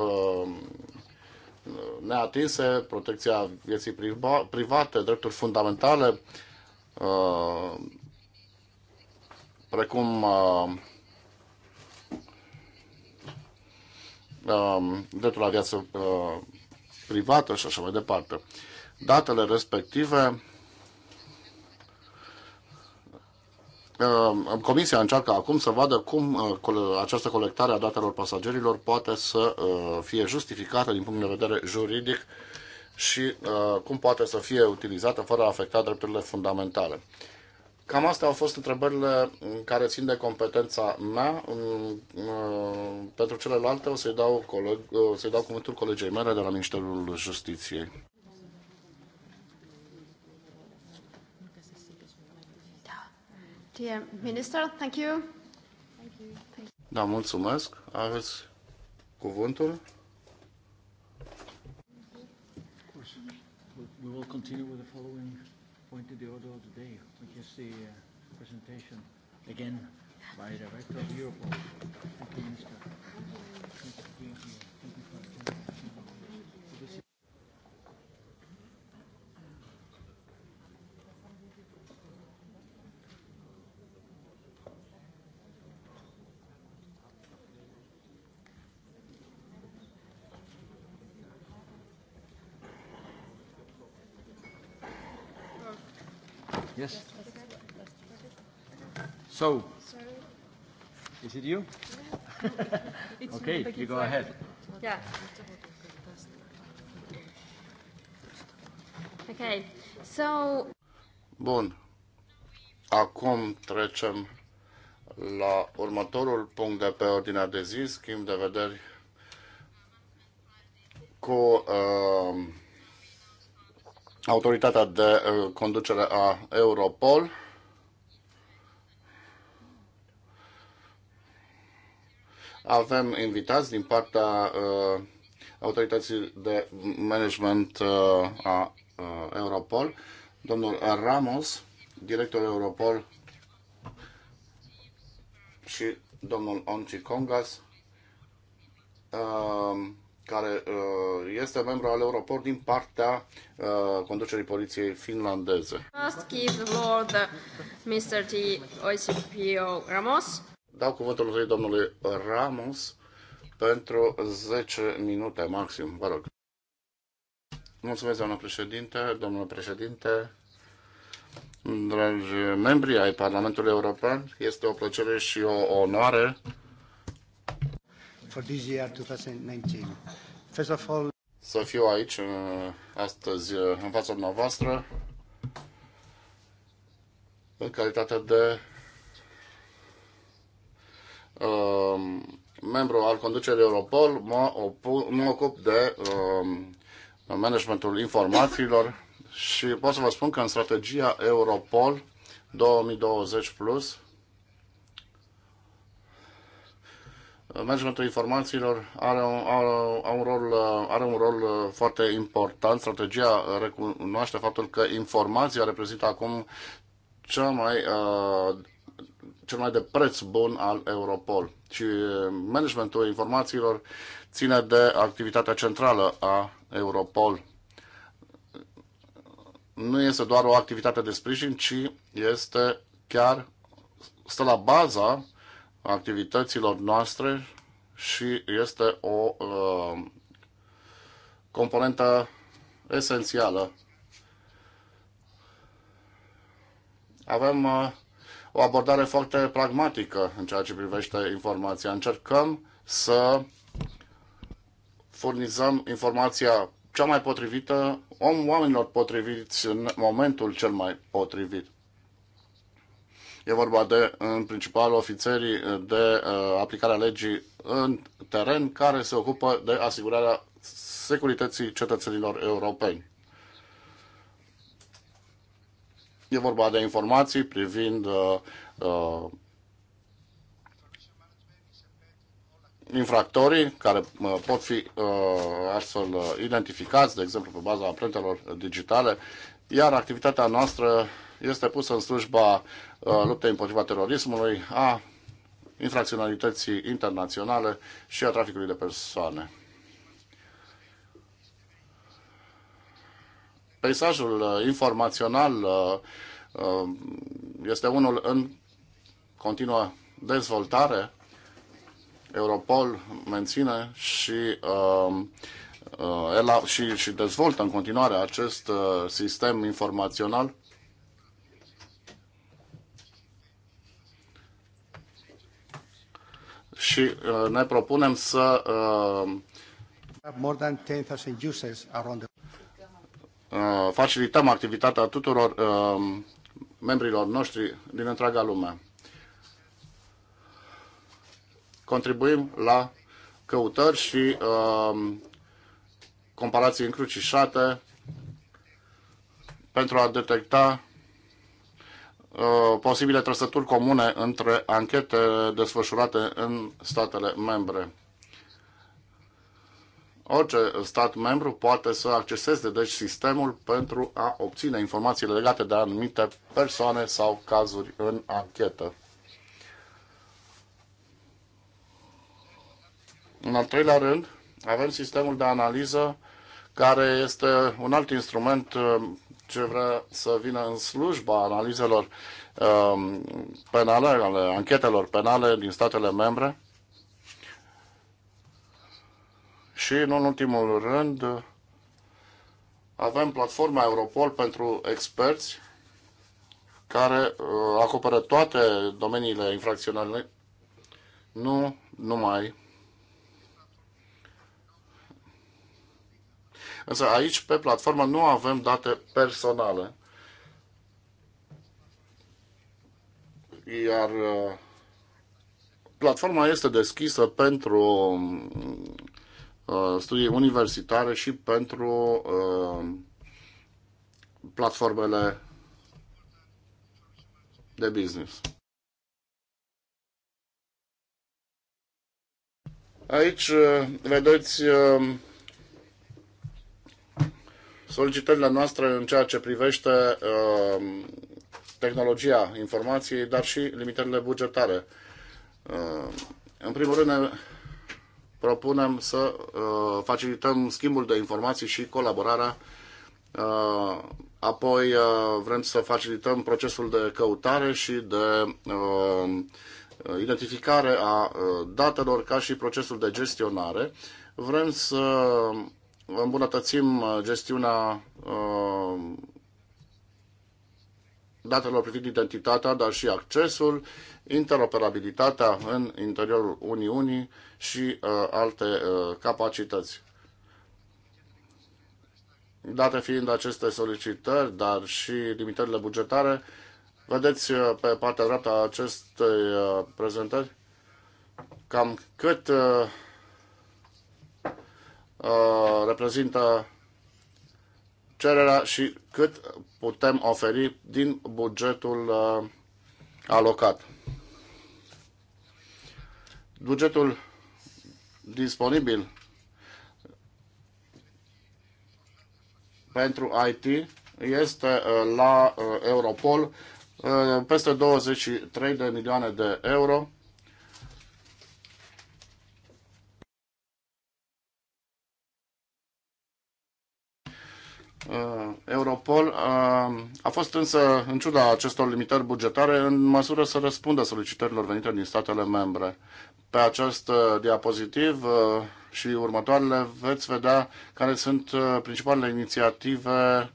neatinse, protecția vieții priva, private, drepturi fundamentale, uh, precum uh, um, dreptul la viață uh, privată și așa mai departe. Datele respective Uh, comisia încearcă acum să vadă cum uh, această colectare a datelor pasagerilor poate să uh, fie justificată din punct de vedere juridic și cum poate să fie utilizată fără a afecta drepturile fundamentale. Cam astea au fost întrebările mm, care țin de competența mea. Mm, pentru celelalte o să-i dau, coleg, o să dau cuvântul colegei mele de la Ministerul Justiției. Dear Minister, thank you. Thank you. Da, mulțumesc. Aveți cuvântul. We will continue with the following point to the order of the day, which is the uh, presentation again by Director of Europol. Thank you, Minister. Thank you. Thank you. Yes. So, is it you? okay, you go ahead. Yeah. Okay. So. Bun. Acum trecem la următorul punct de pe ordinea de zi, schimb de vederi cu uh, autoritatea de uh, conducere a Europol. Avem invitați din partea uh, autorității de management uh, a Europol, domnul Ramos, director Europol și domnul Onci Congas, care uh, este membru al Europort din partea uh, conducerii poliției finlandeze. Dau cuvântul lui domnului Ramos pentru 10 minute maxim, vă rog. Mulțumesc, doamnă președinte, domnule președinte, dragi membri ai Parlamentului European. Este o plăcere și o onoare for this year 2019. First of all, să fiu aici astăzi în fața noastră în calitate de uh, membru al conducerii Europol, mă, opu- mă ocup de uh, managementul informațiilor și pot să vă spun că în strategia Europol 2020 plus Managementul informațiilor are un, are, are un, rol, are un rol uh, foarte important. Strategia uh, recunoaște faptul că informația reprezintă acum cea mai, uh, cel mai de preț bun al Europol. Și uh, managementul informațiilor ține de activitatea centrală a Europol. Nu este doar o activitate de sprijin, ci este chiar stă la baza activităților noastre și este o uh, componentă esențială. Avem uh, o abordare foarte pragmatică în ceea ce privește informația. Încercăm să furnizăm informația cea mai potrivită om, oamenilor potriviți în momentul cel mai potrivit. E vorba de, în principal, ofițerii de uh, aplicare a legii în teren care se ocupă de asigurarea securității cetățenilor europeni. E vorba de informații privind uh, uh, infractorii care uh, pot fi uh, astfel identificați, de exemplu, pe baza amprentelor digitale, iar activitatea noastră este pusă în slujba Uh, luptei împotriva terorismului, a infracționalității internaționale și a traficului de persoane. Peisajul uh, informațional uh, este unul în continuă dezvoltare. Europol menține și, și, și dezvoltă în continuare acest sistem informațional și uh, ne propunem să uh, uh, facilităm activitatea tuturor membrilor noștri din întreaga lume. Contribuim la căutări și comparații încrucișate pentru a detecta Uh, posibile trăsături comune între anchete desfășurate în statele membre. Orice stat membru poate să acceseze deci sistemul pentru a obține informațiile legate de anumite persoane sau cazuri în anchetă. În al treilea rând, avem sistemul de analiză care este un alt instrument uh, ce vrea să vină în slujba analizelor um, penale, ale anchetelor penale din statele membre. Și, nu în ultimul rând, avem platforma Europol pentru experți care uh, acoperă toate domeniile infracționale, nu numai Însă aici, pe platformă, nu avem date personale. Iar uh, platforma este deschisă pentru uh, studii universitare și pentru uh, platformele de business. Aici vedeți solicitările noastre în ceea ce privește uh, tehnologia informației, dar și limitările bugetare. Uh, în primul rând, ne propunem să uh, facilităm schimbul de informații și colaborarea. Apoi vrem să facilităm procesul de căutare și de identificare a datelor ca și procesul de gestionare. Vrem să îmbunătățim uh, gestiunea uh, datelor privind identitatea, dar și accesul, interoperabilitatea în interiorul Uniunii și uh, alte capacități. Date fiind aceste solicitări, dar și limitările bugetare, vedeți pe partea dreaptă a acestei prezentări cam cât uh, Uh, reprezintă cererea și cât putem oferi din bugetul uh, alocat. Bugetul disponibil pentru IT este uh, la Europol peste 23 de milioane de euro Uh, Europol uh, a fost însă, în ciuda acestor limitări bugetare, în măsură să răspundă solicitărilor venite din statele membre. Pe acest uh, diapozitiv și următoarele veți vedea care sunt principalele inițiative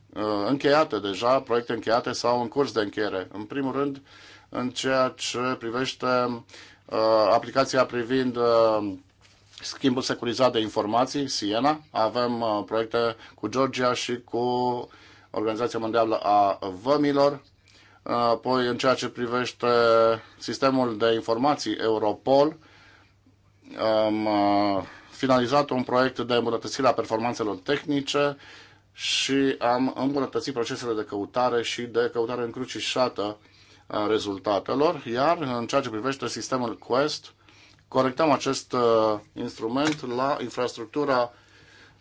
încheiate deja, proiecte încheiate sau în curs de încheiere. În primul rând, în ceea ce privește aplicația privind schimbul securizat de informații, Siena, avem uh, proiecte cu Georgia și cu Organizația Mondială a Vămilor, uh, apoi în ceea ce privește sistemul de informații Europol, am uh, finalizat un proiect de îmbunătățire a performanțelor tehnice și am îmbunătățit procesele de căutare și de căutare încrucișată a rezultatelor, iar în ceea ce privește sistemul Quest, conectăm acest uh, instrument la infrastructura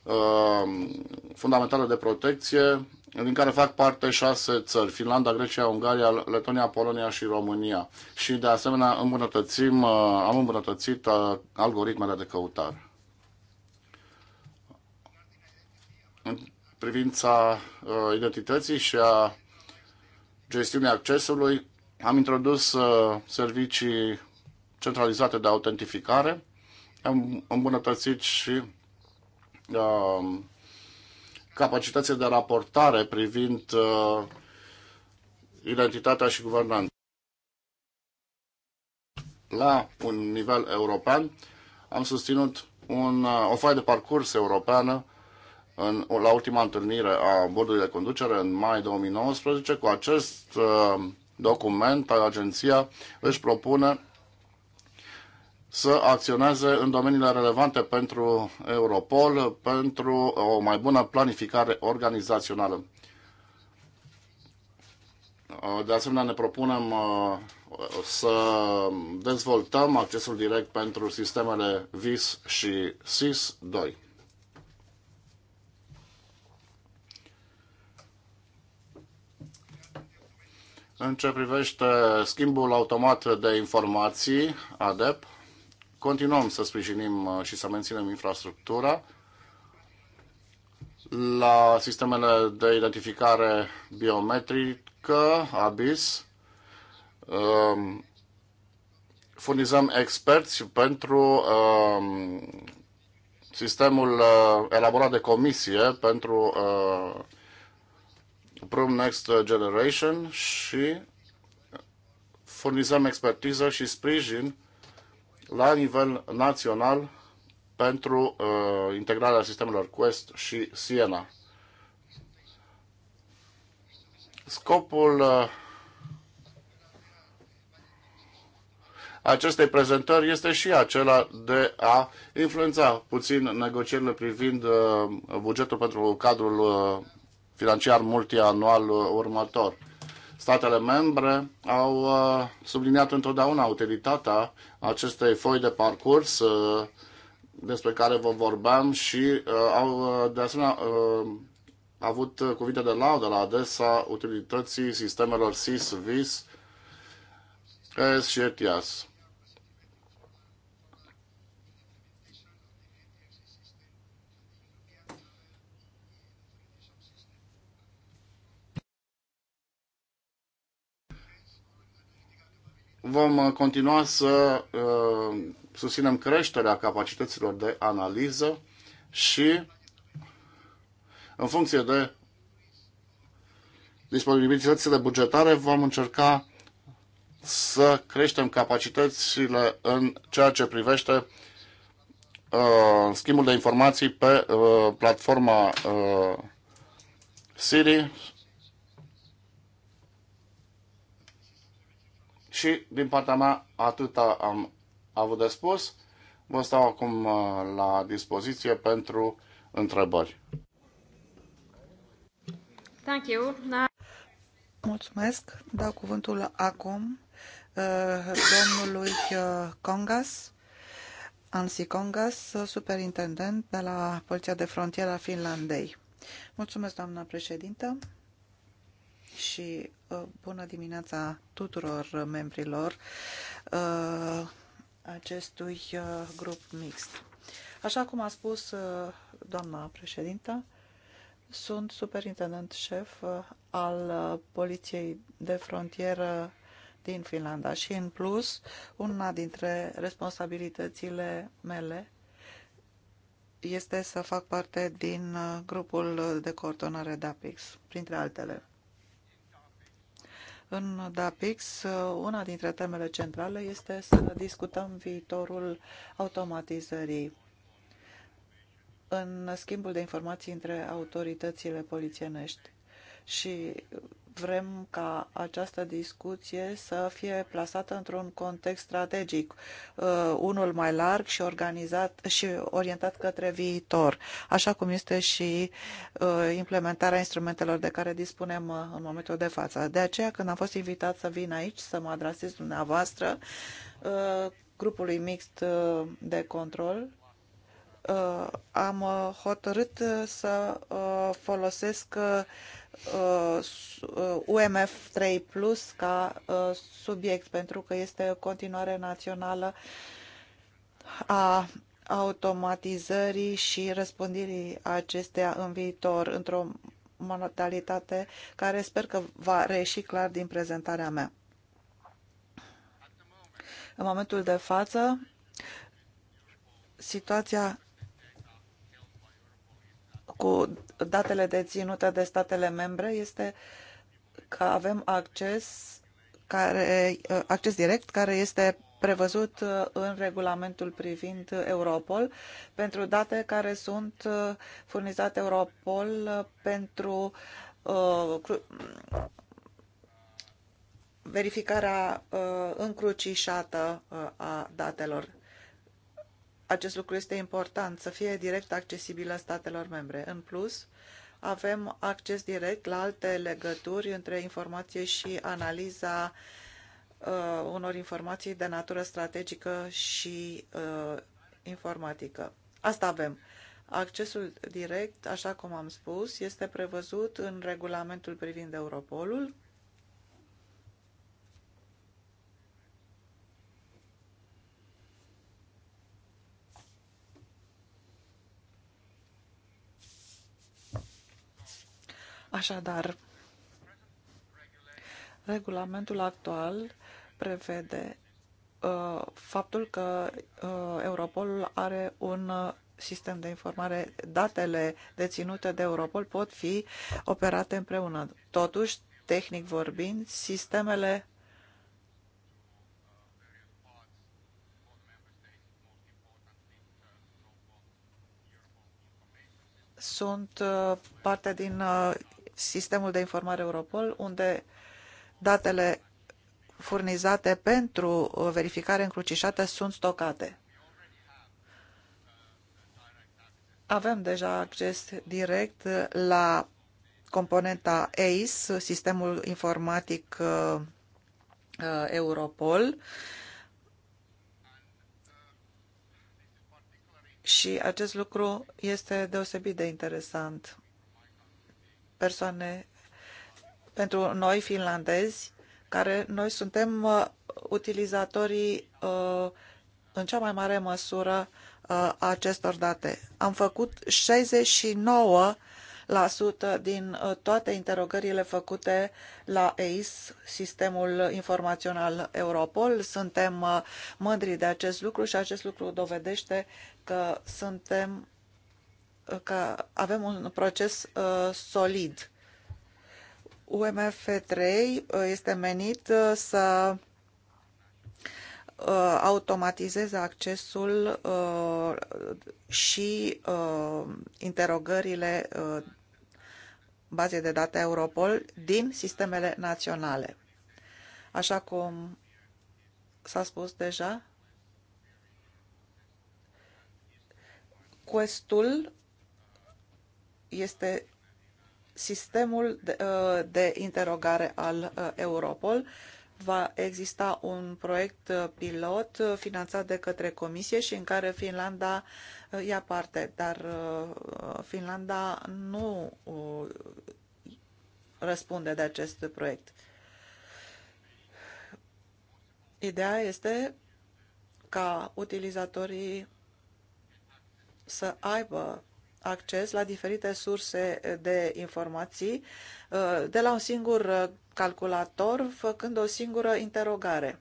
uh, fundamentală de protecție din care fac parte șase țări, Finlanda, Grecia, Ungaria, Letonia, Polonia și România. Și de asemenea îmbunătățim, uh, am îmbunătățit algoritmele de căutare. În privința identității și a gestiunii accesului, am introdus servicii centralizate de autentificare. Am îmbunătățit și uh, capacitățile de raportare privind uh, identitatea și guvernanța. La un nivel european am susținut un, uh, o foaie de parcurs europeană în, la ultima întâlnire a bordului de conducere în mai 2019. Cu acest uh, document, agenția își propune să acționeze în domeniile relevante pentru Europol, pentru o mai bună planificare organizațională. De asemenea, ne propunem uh, să dezvoltăm accesul direct pentru sistemele VIS și SIS-2. În ce privește schimbul automat de informații, ADEP, continuăm să sprijinim uh, și să menținem infrastructura la sistemele de identificare biometrică, ABIS, um, furnizăm experți pentru um, sistemul uh, elaborat de comisie pentru uh, Prum Next Generation și furnizăm expertiză și sprijin la nivel național pentru uh, integrarea sistemelor Quest și Siena. Scopul uh, acestei prezentări este și acela de a influența puțin negocierile privind uh, bugetul pentru cadrul uh, financiar multianual uh, următor. Statele membre au uh, subliniat întotdeauna utilitatea acestei foi de parcurs uh, despre care vă vorbeam și uh, au de asemenea avut cuvinte de laudă la adresa utilității sistemelor SIS, VIS, ES și ETIAS. Vom uh, continua să uh, susținem creșterea capacităților de analiză și în funcție de disponibilitățile bugetare vom încerca să creștem capacitățile în ceea ce privește uh, schimbul de informații pe uh, platforma uh, Siri Și din partea mea atâta am avut de spus. Vă stau acum uh, la dispoziție pentru întrebări. Thank you. Mulțumesc. Dau cuvântul acum uh, domnului uh, Congas, Ansi Congas, superintendent de la Poliția de Frontieră a Finlandei. Mulțumesc, doamna președintă, și Uh, bună dimineața tuturor membrilor uh, acestui uh, grup mixt. Așa cum a spus doamna președintă, sunt superintendent șef al Poliției de Frontieră din Finlanda și, în plus, una dintre responsabilitățile mele este să fac parte din grupul de coordonare de APIX, printre altele. În DAPIX, una dintre temele centrale este să discutăm viitorul automatizării în schimbul de informații între autoritățile polițienești și vrem ca această discuție să fie plasată într-un context strategic, uh, unul mai larg și organizat și orientat către viitor, așa cum este și uh, implementarea instrumentelor de care dispunem uh, în momentul de față. De aceea, când am fost invitat să vin aici, să mă adresez dumneavoastră, grupului mixt de control, am hotărât să folosesc UMF uh, uh, 3 Plus ca uh, subiect, pentru că este o continuare națională a automatizării și răspândirii acesteia în viitor într-o modalitate care sper că va reieși clar din prezentarea mea. În momentul de față, situația cu datele deținute de statele membre este că avem acces, care, acces direct care este prevăzut uh, în regulamentul privind Europol pentru date care sunt uh, furnizate Europol uh, pentru verificarea încrucișată a datelor acest lucru este important, să fie direct accesibilă statelor membre. În plus, avem acces direct la alte legături între informație și analiza uh, unor informații de natură strategică și uh, informatică. Asta avem. Accesul direct, așa cum am spus, este prevăzut în regulamentul privind Europolul, Așadar, regulamentul actual prevede uh, faptul că uh, are un uh, sistem de informare. Datele deținute de Europol pot fi operate împreună. Totuși, tehnic vorbind, sistemele sunt uh, parte din uh, sistemul de informare Europol, unde datele furnizate pentru verificare încrucișată sunt stocate. Avem deja acces direct la componenta ACE, sistemul informatic uh, uh, Europol, și acest lucru este deosebit de interesant persoane, pentru noi finlandezi, care noi suntem uh, utilizatorii uh, în cea mai mare măsură a uh, acestor date. Am făcut 69 din toate interogările făcute la EIS, Sistemul Informațional Europol. Suntem mândri de acest lucru și acest lucru dovedește că suntem că avem un proces uh, solid. UMF3 uh, este menit uh, să automatizeze accesul și interogările bazei de date Europol din sistemele naționale. Așa cum s-a spus deja, Questul este sistemul de, uh, de interogare al uh, Europol. Va exista un proiect uh, pilot finanțat de către Comisie și în care Finlanda ia parte, dar Finlanda nu răspunde de acest proiect. Ideea este ca utilizatorii să aibă acces la diferite surse de informații uh, de la un singur uh, calculator, făcând o singură interogare.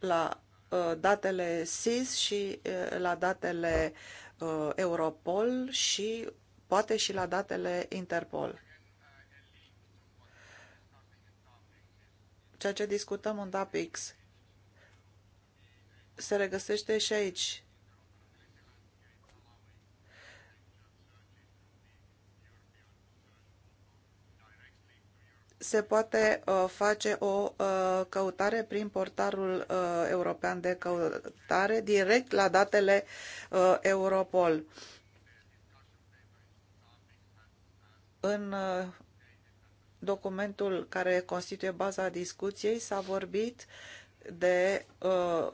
La uh, datele SIS și la datele Europol și poate și la datele Interpol. Ceea ce discutăm în DAPIX se regăsește și aici se poate uh, face o uh, căutare prin portarul uh, european de căutare direct la datele Europol. În documentul care constituie baza discuției s-a vorbit de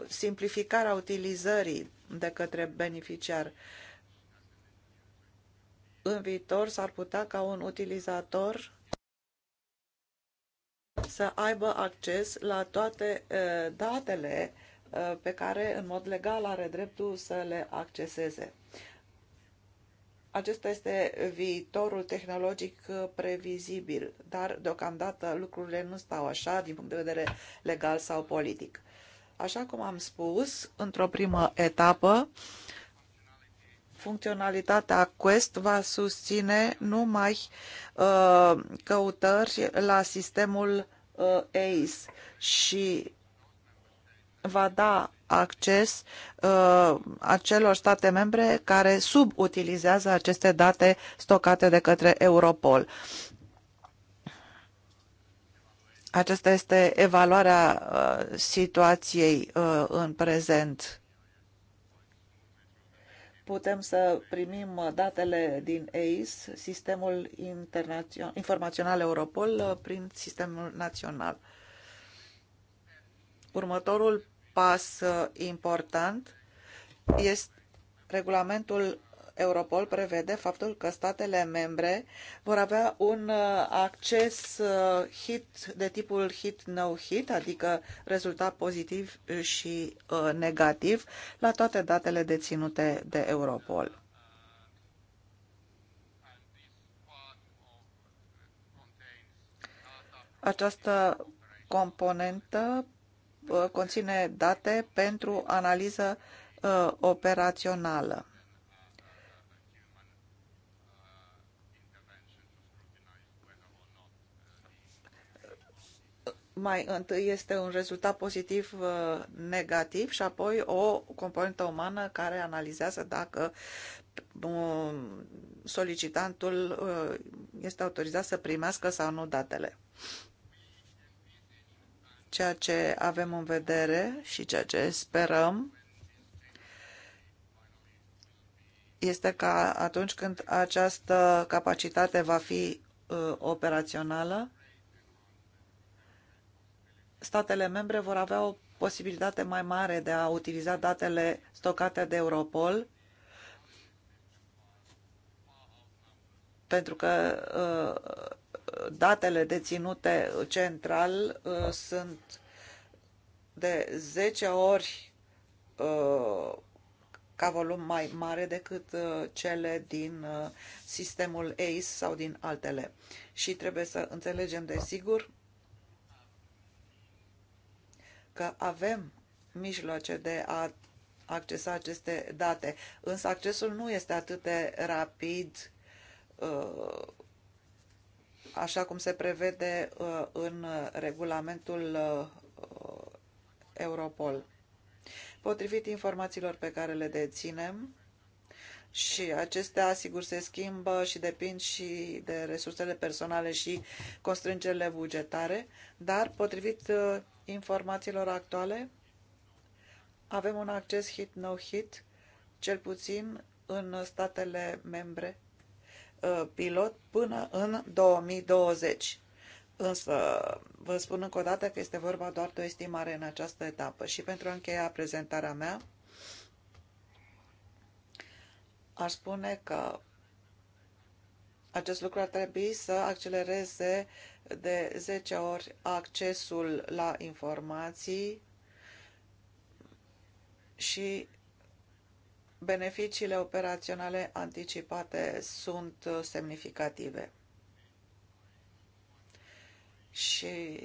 simplificarea utilizării de către beneficiar. În viitor s-ar putea ca un utilizator să aibă acces la toate datele pe care în mod legal are dreptul să le acceseze. Acesta este viitorul tehnologic previzibil, dar deocamdată lucrurile nu stau așa din punct de vedere legal sau politic. Așa cum am spus, într-o primă etapă, funcționalitatea Quest va susține numai uh, căutări la sistemul uh, ACE și va da acces uh, acelor state membre care subutilizează aceste date stocate de către Europol. Aceasta este evaluarea uh, situației uh, în prezent putem să primim datele din EIS, Sistemul Internațion Informațional Europol, uh, prin Sistemul Național. Următorul pas uh, important este regulamentul Europol prevede faptul că statele membre vor avea un uh, acces uh, hit de tipul hit-no-hit, adică rezultat pozitiv și uh, negativ la toate datele deținute de Europol. Această componentă conține date pentru analiză operațională. mai întâi este un rezultat pozitiv uh, negativ și apoi o componentă umană care analizează dacă uh, solicitantul uh, este autorizat să primească sau nu datele. Ceea ce avem în vedere și ceea ce sperăm este că atunci când această capacitate va fi operațională, statele membre vor avea o posibilitate mai mare de a utiliza datele stocate de Europol pentru că uh, datele deținute central uh, sunt de 10 ori uh, ca volum mai mare decât cele din sistemul ACE sau din altele. Și trebuie să înțelegem de sigur că avem mijloace de a accesa aceste date, însă accesul nu este atât de rapid uh, așa cum se prevede uh, în regulamentul uh, Europol. Potrivit informațiilor pe care le deținem, și acestea, sigur, se schimbă și depind și de resursele personale și constrângerile bugetare, dar potrivit informațiilor actuale, avem un acces hit-no-hit, cel puțin în statele membre uh, pilot până în 2020. Însă vă spun încă o dată că este vorba doar de o estimare în această etapă și pentru a încheia prezentarea mea, aș spune că acest lucru ar trebui să accelereze uh, de 10 ori accesul la informații și beneficiile operaționale anticipate sunt semnificative. Și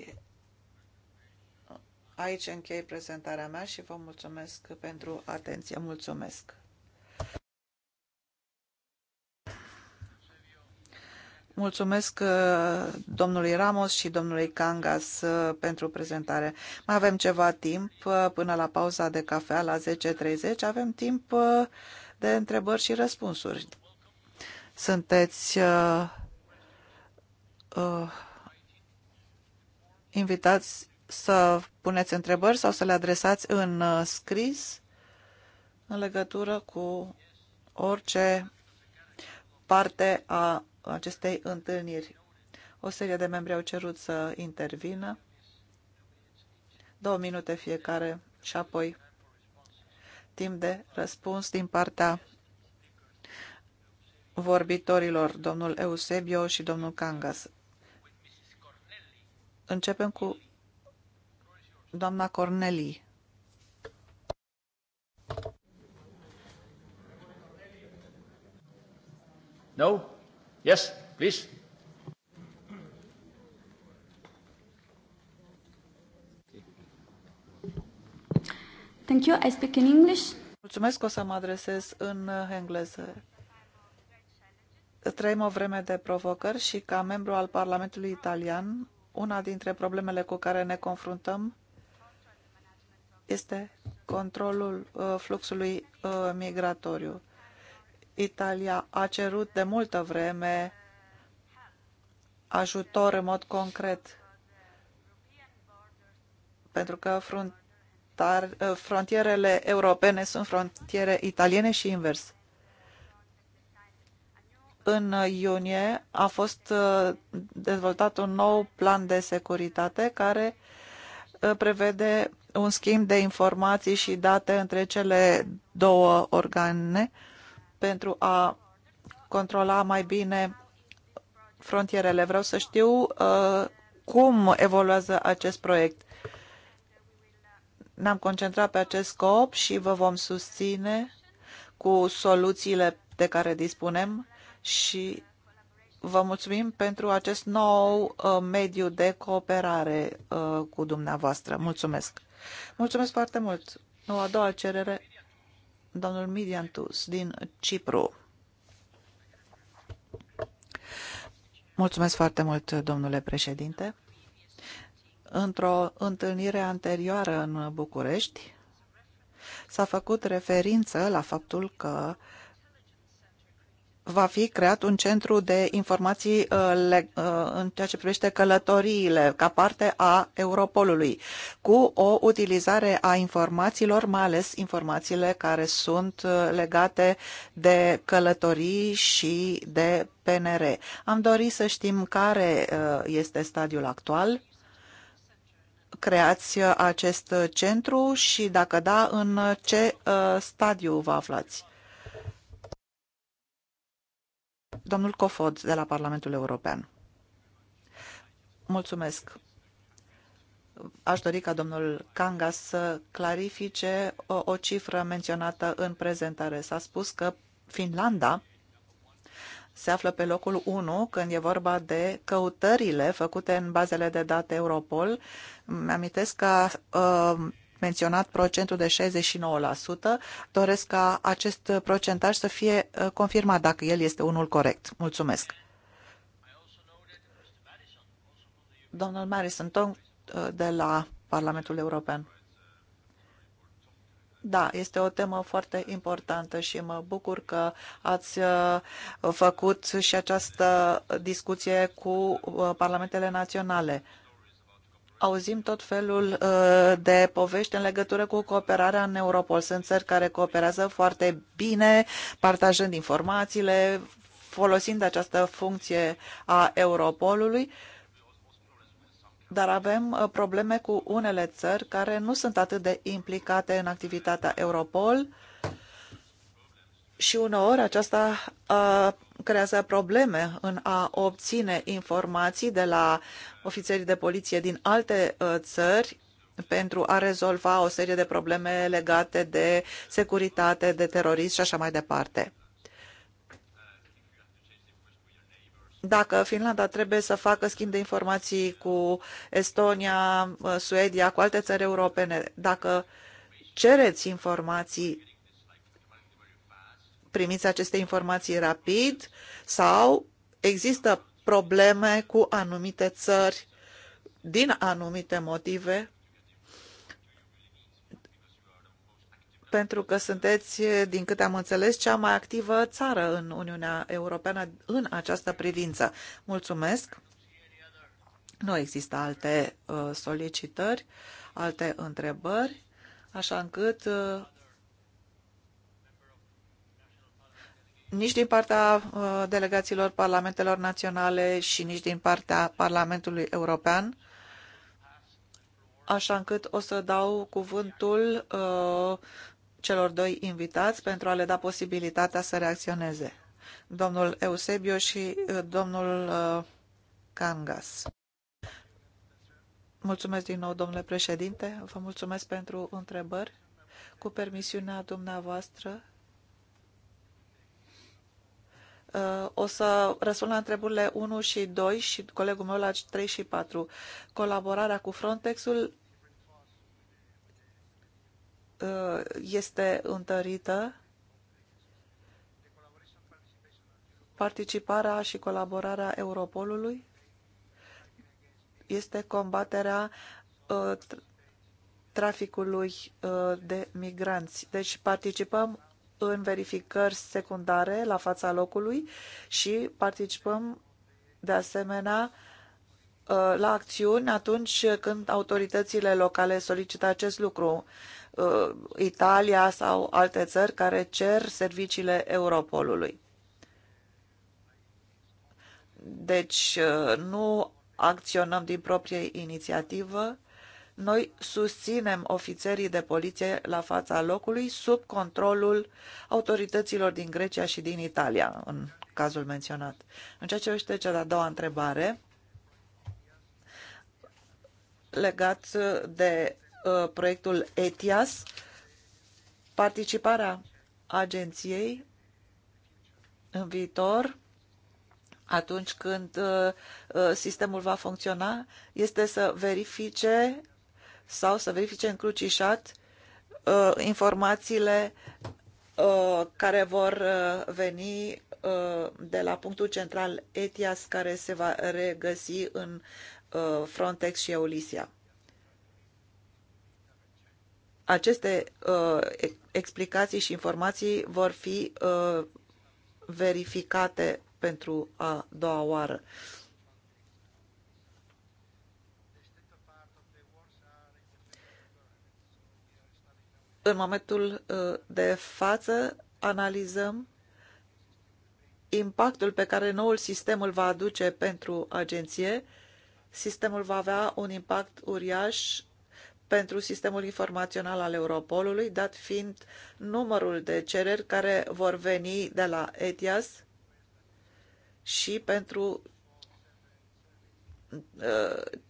aici închei prezentarea mea și vă mulțumesc pentru atenție. Mulțumesc! Mulțumesc uh, domnului Ramos și domnului Cangas uh, pentru prezentare. Mai avem ceva timp uh, până la pauza de cafea la 10.30. Avem timp de întrebări și răspunsuri. Sunteți uh, uh, invitați să puneți întrebări sau să le adresați în scris în legătură cu orice parte a acestei întâlniri. O serie de membri au cerut să intervină, două minute fiecare și apoi timp de răspuns din partea vorbitorilor, domnul Eusebio și domnul Cangas. Începem cu doamna Corneli. No? Yes, please. Thank you. I speak in English. Mulțumesc că o să mă adresez în engleză. Trăim o vreme de provocări și ca membru al Parlamentului Italian, una dintre problemele cu care ne confruntăm este controlul uh, fluxului uh, migratoriu Italia a cerut de multă vreme ajutor în mod concret pentru că frontar, frontierele europene sunt frontiere italiene și invers. În iunie a fost uh, dezvoltat un nou plan de securitate care uh, prevede un schimb de informații și date între cele două organe pentru a controla mai bine frontierele. Vreau să știu uh, cum evoluează acest proiect. Ne-am concentrat pe acest scop și vă vom susține cu soluțiile de care dispunem și vă mulțumim pentru acest nou uh, mediu de cooperare uh, cu dumneavoastră. Mulțumesc! Mulțumesc foarte mult! O a doua cerere domnul Midiantus din Cipru. Mulțumesc foarte mult, domnule președinte. Într-o întâlnire anterioară în București, s-a făcut referință la faptul că uh, va fi creat un centru de informații uh, uh, în ceea ce privește călătoriile ca parte a Europolului, cu o utilizare a informațiilor, mai ales informațiile care sunt uh, legate de călătorii și de PNR. Am dorit să știm care este stadiul actual creați acest centru și dacă da, în ce stadiu vă aflați? Domnul Cofod de la Parlamentul European. Mulțumesc. Aș dori ca domnul Cangas să clarifice o, o cifră menționată în prezentare. S-a spus că Finlanda se află pe locul 1 când e vorba de căutările făcute în bazele de date Europol. Mi-amintesc că uh, menționat procentul de 69%. Doresc ca acest procentaj să fie uh, confirmat dacă el este unul corect. Mulțumesc. Domnul Marison uh, de la Parlamentul European. Da, este o temă foarte importantă și mă bucur că ați uh, făcut și această discuție cu parlamentele naționale auzim tot felul uh, de povești în legătură cu cooperarea în Europol. Sunt țări care cooperează foarte bine, partajând informațiile, folosind această funcție a Europolului, dar avem uh, probleme cu unele țări care nu sunt atât de implicate în activitatea Europol și uneori aceasta uh, creează probleme în a obține informații de la ofițerii de poliție din alte uh, țări pentru a rezolva o serie de probleme legate de securitate, de terorism și așa mai departe. Dacă Finlanda trebuie să facă schimb de informații cu Estonia, uh, Suedia, cu alte țări europene, dacă cereți informații primiți aceste informații rapid sau există probleme cu anumite țări din anumite motive pentru că sunteți, din câte am înțeles, cea mai activă țară în Uniunea Europeană în această privință. Mulțumesc! Nu există alte uh, solicitări, alte întrebări, așa încât uh, nici din partea uh, delegațiilor parlamentelor naționale și nici din partea Parlamentului European, așa încât o să dau cuvântul uh, celor doi invitați pentru a le da posibilitatea să reacționeze. Domnul Eusebio și uh, domnul uh, Cangas. Mulțumesc din nou, domnule președinte. Vă mulțumesc pentru întrebări. Cu permisiunea dumneavoastră, Uh, o să răspund la întrebările 1 și 2 și colegul meu la 3 și 4. Colaborarea cu Frontexul uh, este întărită. Participarea și colaborarea Europolului este combaterea uh, traficului de migranți. Deci participăm în verificări secundare la fața locului și participăm de asemenea uh, la acțiuni atunci când autoritățile locale solicită acest lucru. Uh, Italia sau alte țări care cer serviciile Europolului. Deci uh, nu acționăm din proprie inițiativă, noi susținem ofițerii de poliție la fața locului sub controlul autorităților din Grecia și din Italia, în cazul menționat. În ceea ce este cea de-a doua întrebare, legat de uh, proiectul ETIAS, participarea agenției în viitor, atunci când uh, uh sistemul va funcționa, este să verifice sau să verifice încrucișat uh, informațiile uh, care vor uh, veni uh, de la punctul central ETIAS care se va regăsi în uh, Frontex și Eulisia. Aceste uh, explicații și informații vor fi verificate pentru a doua oară. Uh, În momentul uh, de față analizăm impactul pe care noul sistem îl va aduce pentru agenție. Sistemul va avea un impact uriaș pentru sistemul informațional al Europolului, dat fiind numărul de cereri care vor veni de la ETIAS și pentru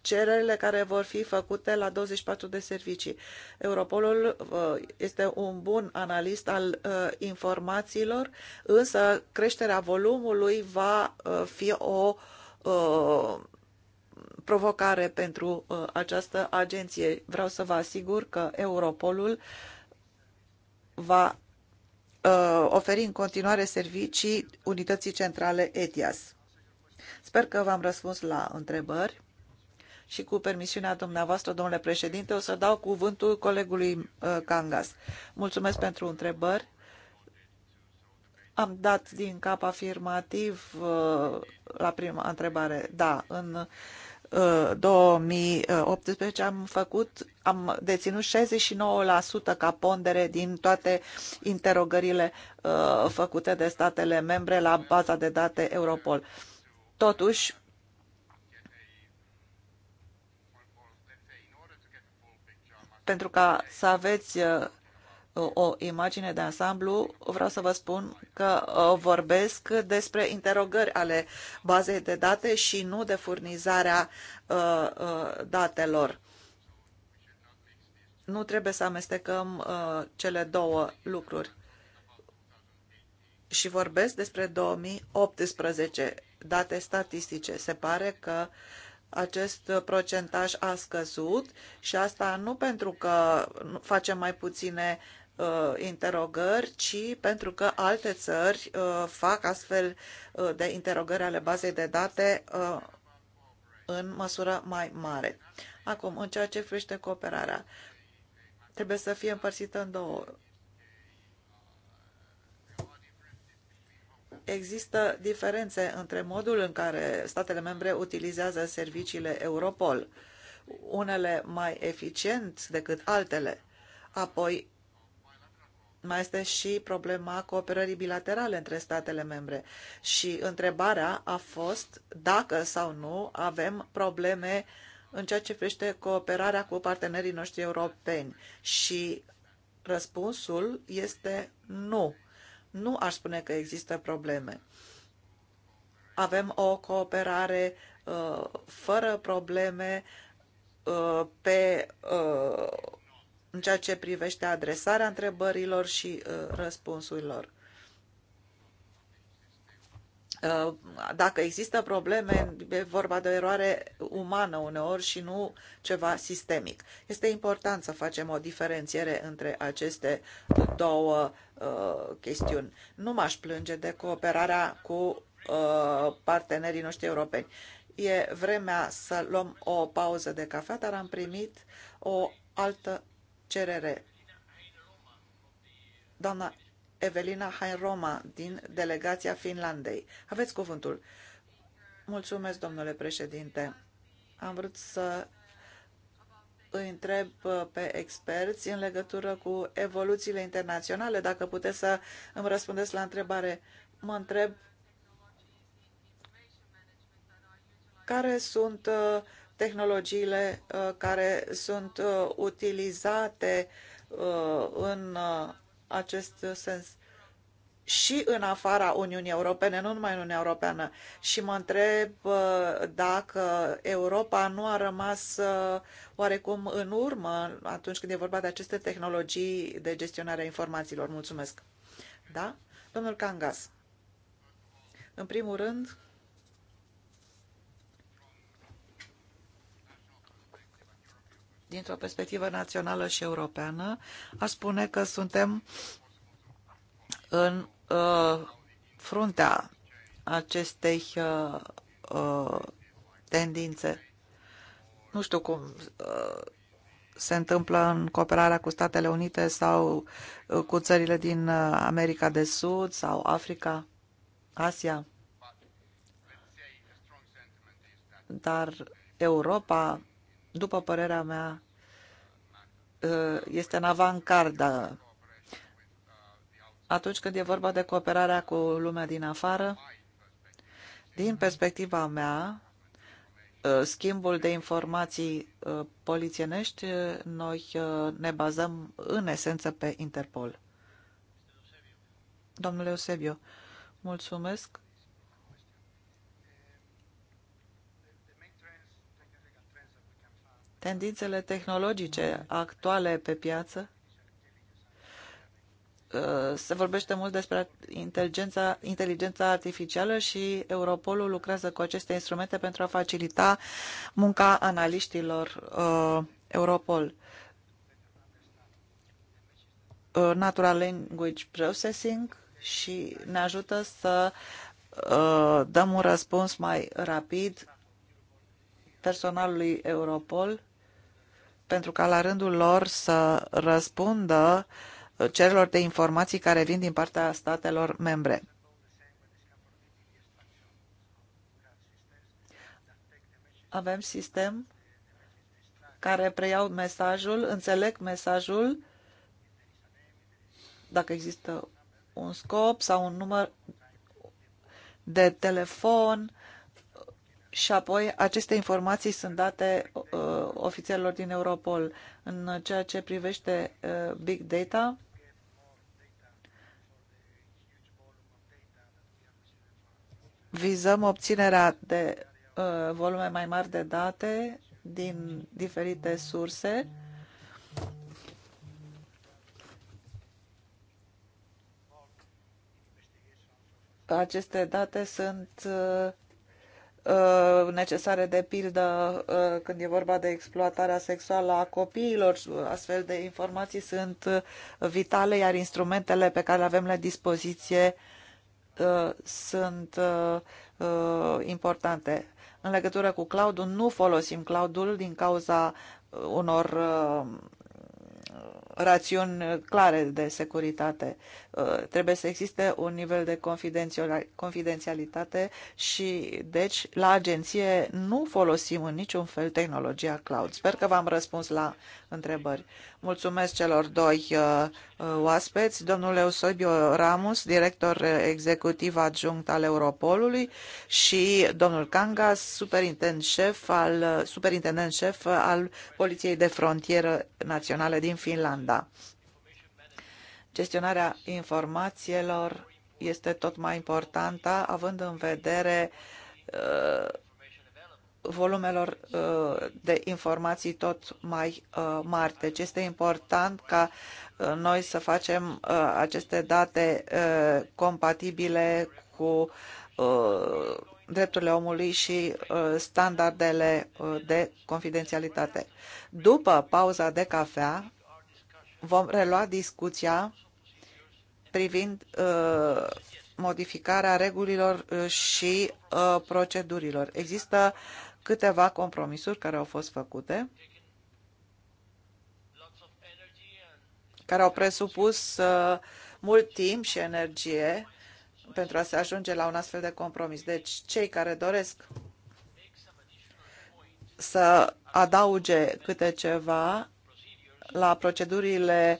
cererile care vor fi făcute la 24 de servicii. Europolul uh, este un bun analist al uh, informațiilor, însă creșterea volumului va uh, fi o provocare pentru această agenție. Vreau să vă asigur că Europolul va oferi în continuare servicii unității centrale ETIAS. Sper că v-am răspuns la întrebări și cu permisiunea dumneavoastră, domnule președinte, o să dau cuvântul colegului uh, Cangas. Mulțumesc pentru întrebări. Am dat din cap afirmativ uh, la prima întrebare. Da, în 2018 uh, am făcut, am deținut 69% ca pondere din toate interogările făcute de statele membre la baza de date Europol. Totuși, pentru ca să aveți uh, o imagine de ansamblu, vreau să vă spun că uh, vorbesc despre interogări ale bazei de date și nu de furnizarea uh, datelor. Nu trebuie să amestecăm cele două lucruri. Și vorbesc despre 2018 date statistice. Se pare că acest procentaj a scăzut și asta nu pentru că facem mai puține uh, interogări, ci pentru că alte țări uh, fac astfel uh, de interogări ale bazei de date uh, în măsură mai mare. Acum, în ceea ce privește cooperarea, trebuie să fie împărțită în două. există diferențe între modul în care statele membre utilizează serviciile Europol, unele mai eficient decât altele. Apoi, mai este și problema cooperării bilaterale între statele membre. Și întrebarea a fost dacă sau nu avem probleme în ceea ce privește cooperarea cu partenerii noștri europeni. Și răspunsul este nu nu aș spune că există probleme. Avem o cooperare uh, fără probleme uh, pe, uh, în ceea ce privește adresarea întrebărilor și uh, răspunsurilor. Uh, dacă există probleme, e vorba de o eroare umană uneori și nu ceva sistemic. Este important să facem o diferențiere între aceste două uh, chestiuni. Nu m-aș plânge de cooperarea cu uh, partenerii noștri europeni. E vremea să luăm o pauză de cafea, dar am primit o altă cerere. Doamna Evelina Hainroma din delegația Finlandei. Aveți cuvântul. Mulțumesc, domnule președinte. Am vrut să îi întreb uh, pe experți în legătură cu evoluțiile internaționale, dacă puteți să îmi răspundeți la întrebare. Mă întreb care sunt uh, tehnologiile uh, care sunt utilizate în acest sens și în afara Uniunii Europene, nu numai în Uniunea Europeană. Și mă întreb uh, dacă Europa nu a rămas uh, oarecum în urmă atunci când e vorba de aceste tehnologii de gestionare a informațiilor. Mulțumesc. Da? Domnul Cangas. În primul rând, dintr-o perspectivă națională și europeană, aș spune că suntem în uh, fruntea acestei uh, uh, tendințe. Nu știu cum uh, se întâmplă în cooperarea cu Statele Unite sau uh, cu țările din uh, America de Sud sau Africa, Asia. Dar Europa după părerea mea, ă, este în avancarda atunci când e vorba de cooperarea cu lumea din afară. Din perspectiva mea, ă, schimbul de informații ă, polițienești, noi ne bazăm în esență pe Interpol. Domnule Eusebio, mulțumesc. Tendințele tehnologice actuale pe piață uh, se vorbește mult despre inteligența, inteligența artificială și Europolul lucrează cu aceste instrumente pentru a facilita munca analiștilor uh, Europol. Uh, Natural Language Processing și ne ajută să uh, dăm un răspuns mai rapid personalului Europol pentru ca la rândul lor să răspundă cererilor de informații care vin din partea statelor membre. Avem sistem care preiau mesajul, înțeleg mesajul, dacă există un scop sau un număr de telefon, și apoi aceste informații sunt date uh, ofițerilor din Europol. În ceea ce privește uh, big data, vizăm obținerea de uh, volume mai mari de date din diferite surse. Aceste date sunt uh, Uh, necesare de pildă uh, când e vorba de exploatarea sexuală a copiilor. Astfel de informații sunt vitale, iar instrumentele pe care le avem la dispoziție uh, sunt importante. În legătură cu cloud nu folosim cloud din cauza unor rațiuni uh, clare de securitate. Uh, trebuie să existe un nivel de confidențialitate și, deci, la agenție nu folosim în niciun fel tehnologia cloud. Sper că v-am răspuns la întrebări. Mulțumesc celor doi uh, uh oaspeți, domnul Eusebio Ramos, director executiv adjunct al Europolului și domnul Cangas, superintendent șef al, uh, superintendent șef al Poliției de Frontieră Naționale din Finlanda. Gestionarea informațiilor este tot mai importantă, având în vedere uh, volumelor uh, de informații tot mai uh, mari. Deci este important ca uh, noi să facem aceste date compatibile cu drepturile omului și standardele de confidențialitate. După pauza de cafea, vom relua discuția privind modificarea regulilor și procedurilor. Există câteva compromisuri care au fost făcute, care au presupus uh, mult timp și energie pentru a se ajunge la un astfel de compromis. Deci, cei care doresc să adauge câte ceva la procedurile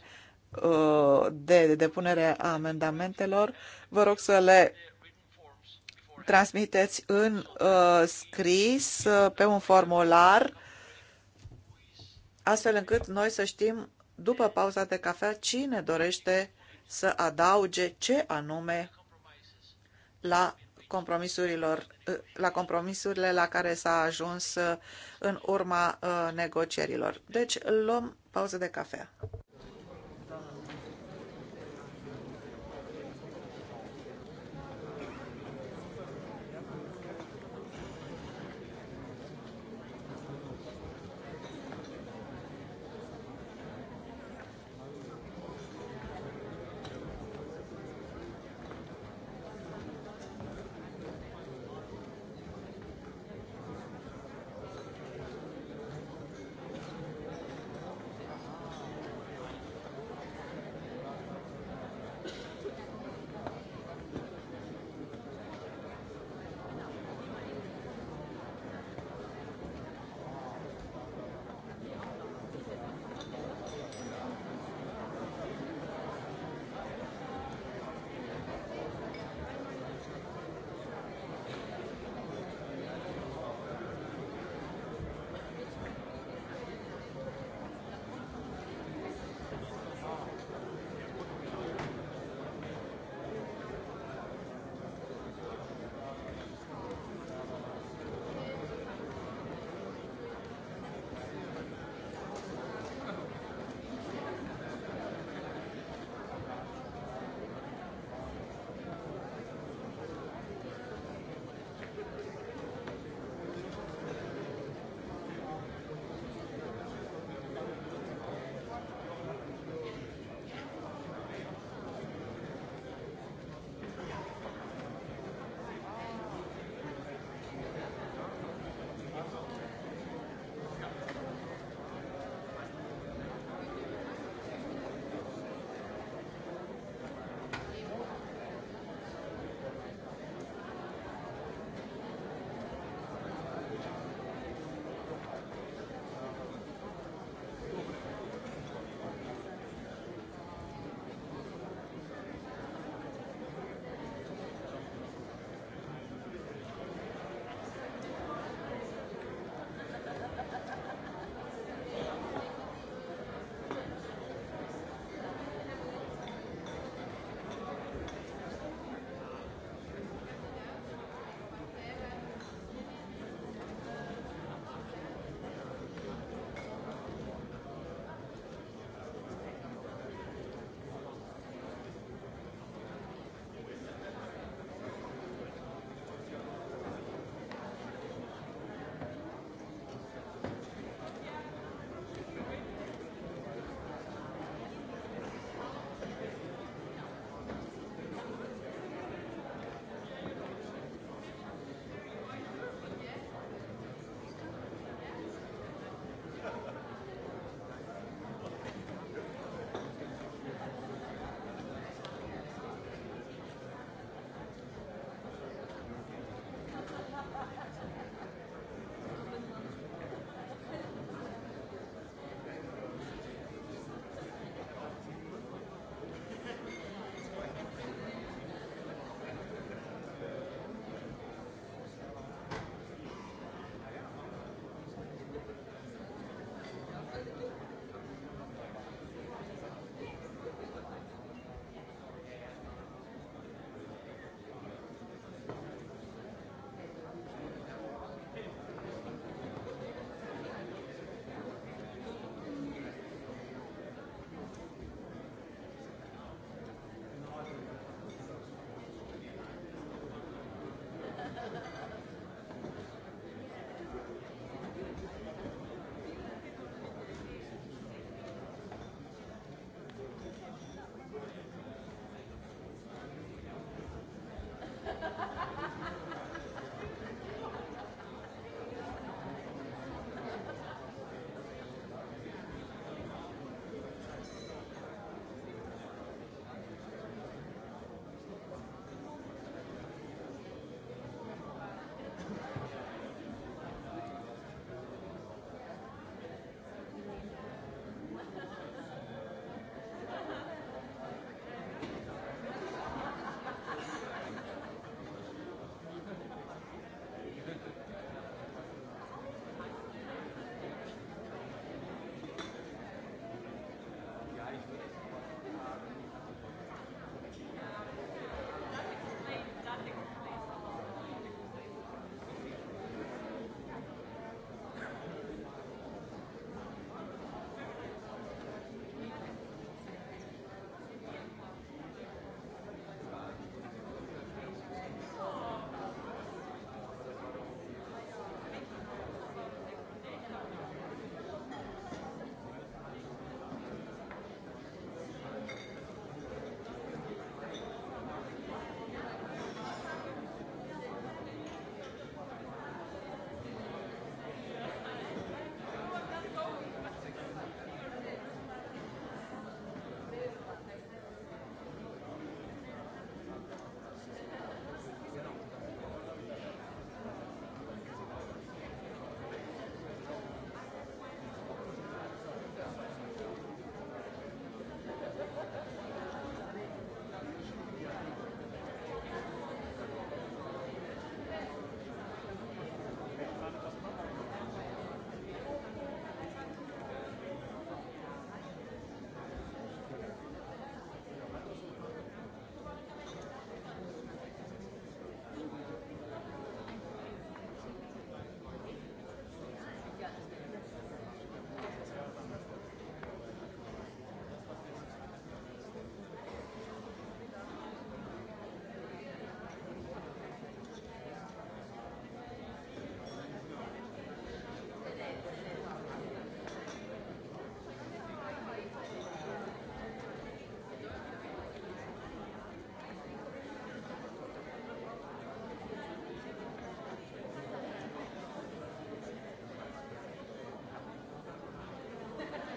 uh, de depunere a amendamentelor, vă rog să le transmiteți în uh, scris, uh, pe un formular, astfel încât noi să știm, după pauza de cafea, cine dorește să adauge ce anume la compromisurilor, uh, la compromisurile la care s-a ajuns uh, în urma uh, negocierilor. Deci luăm pauză de cafea.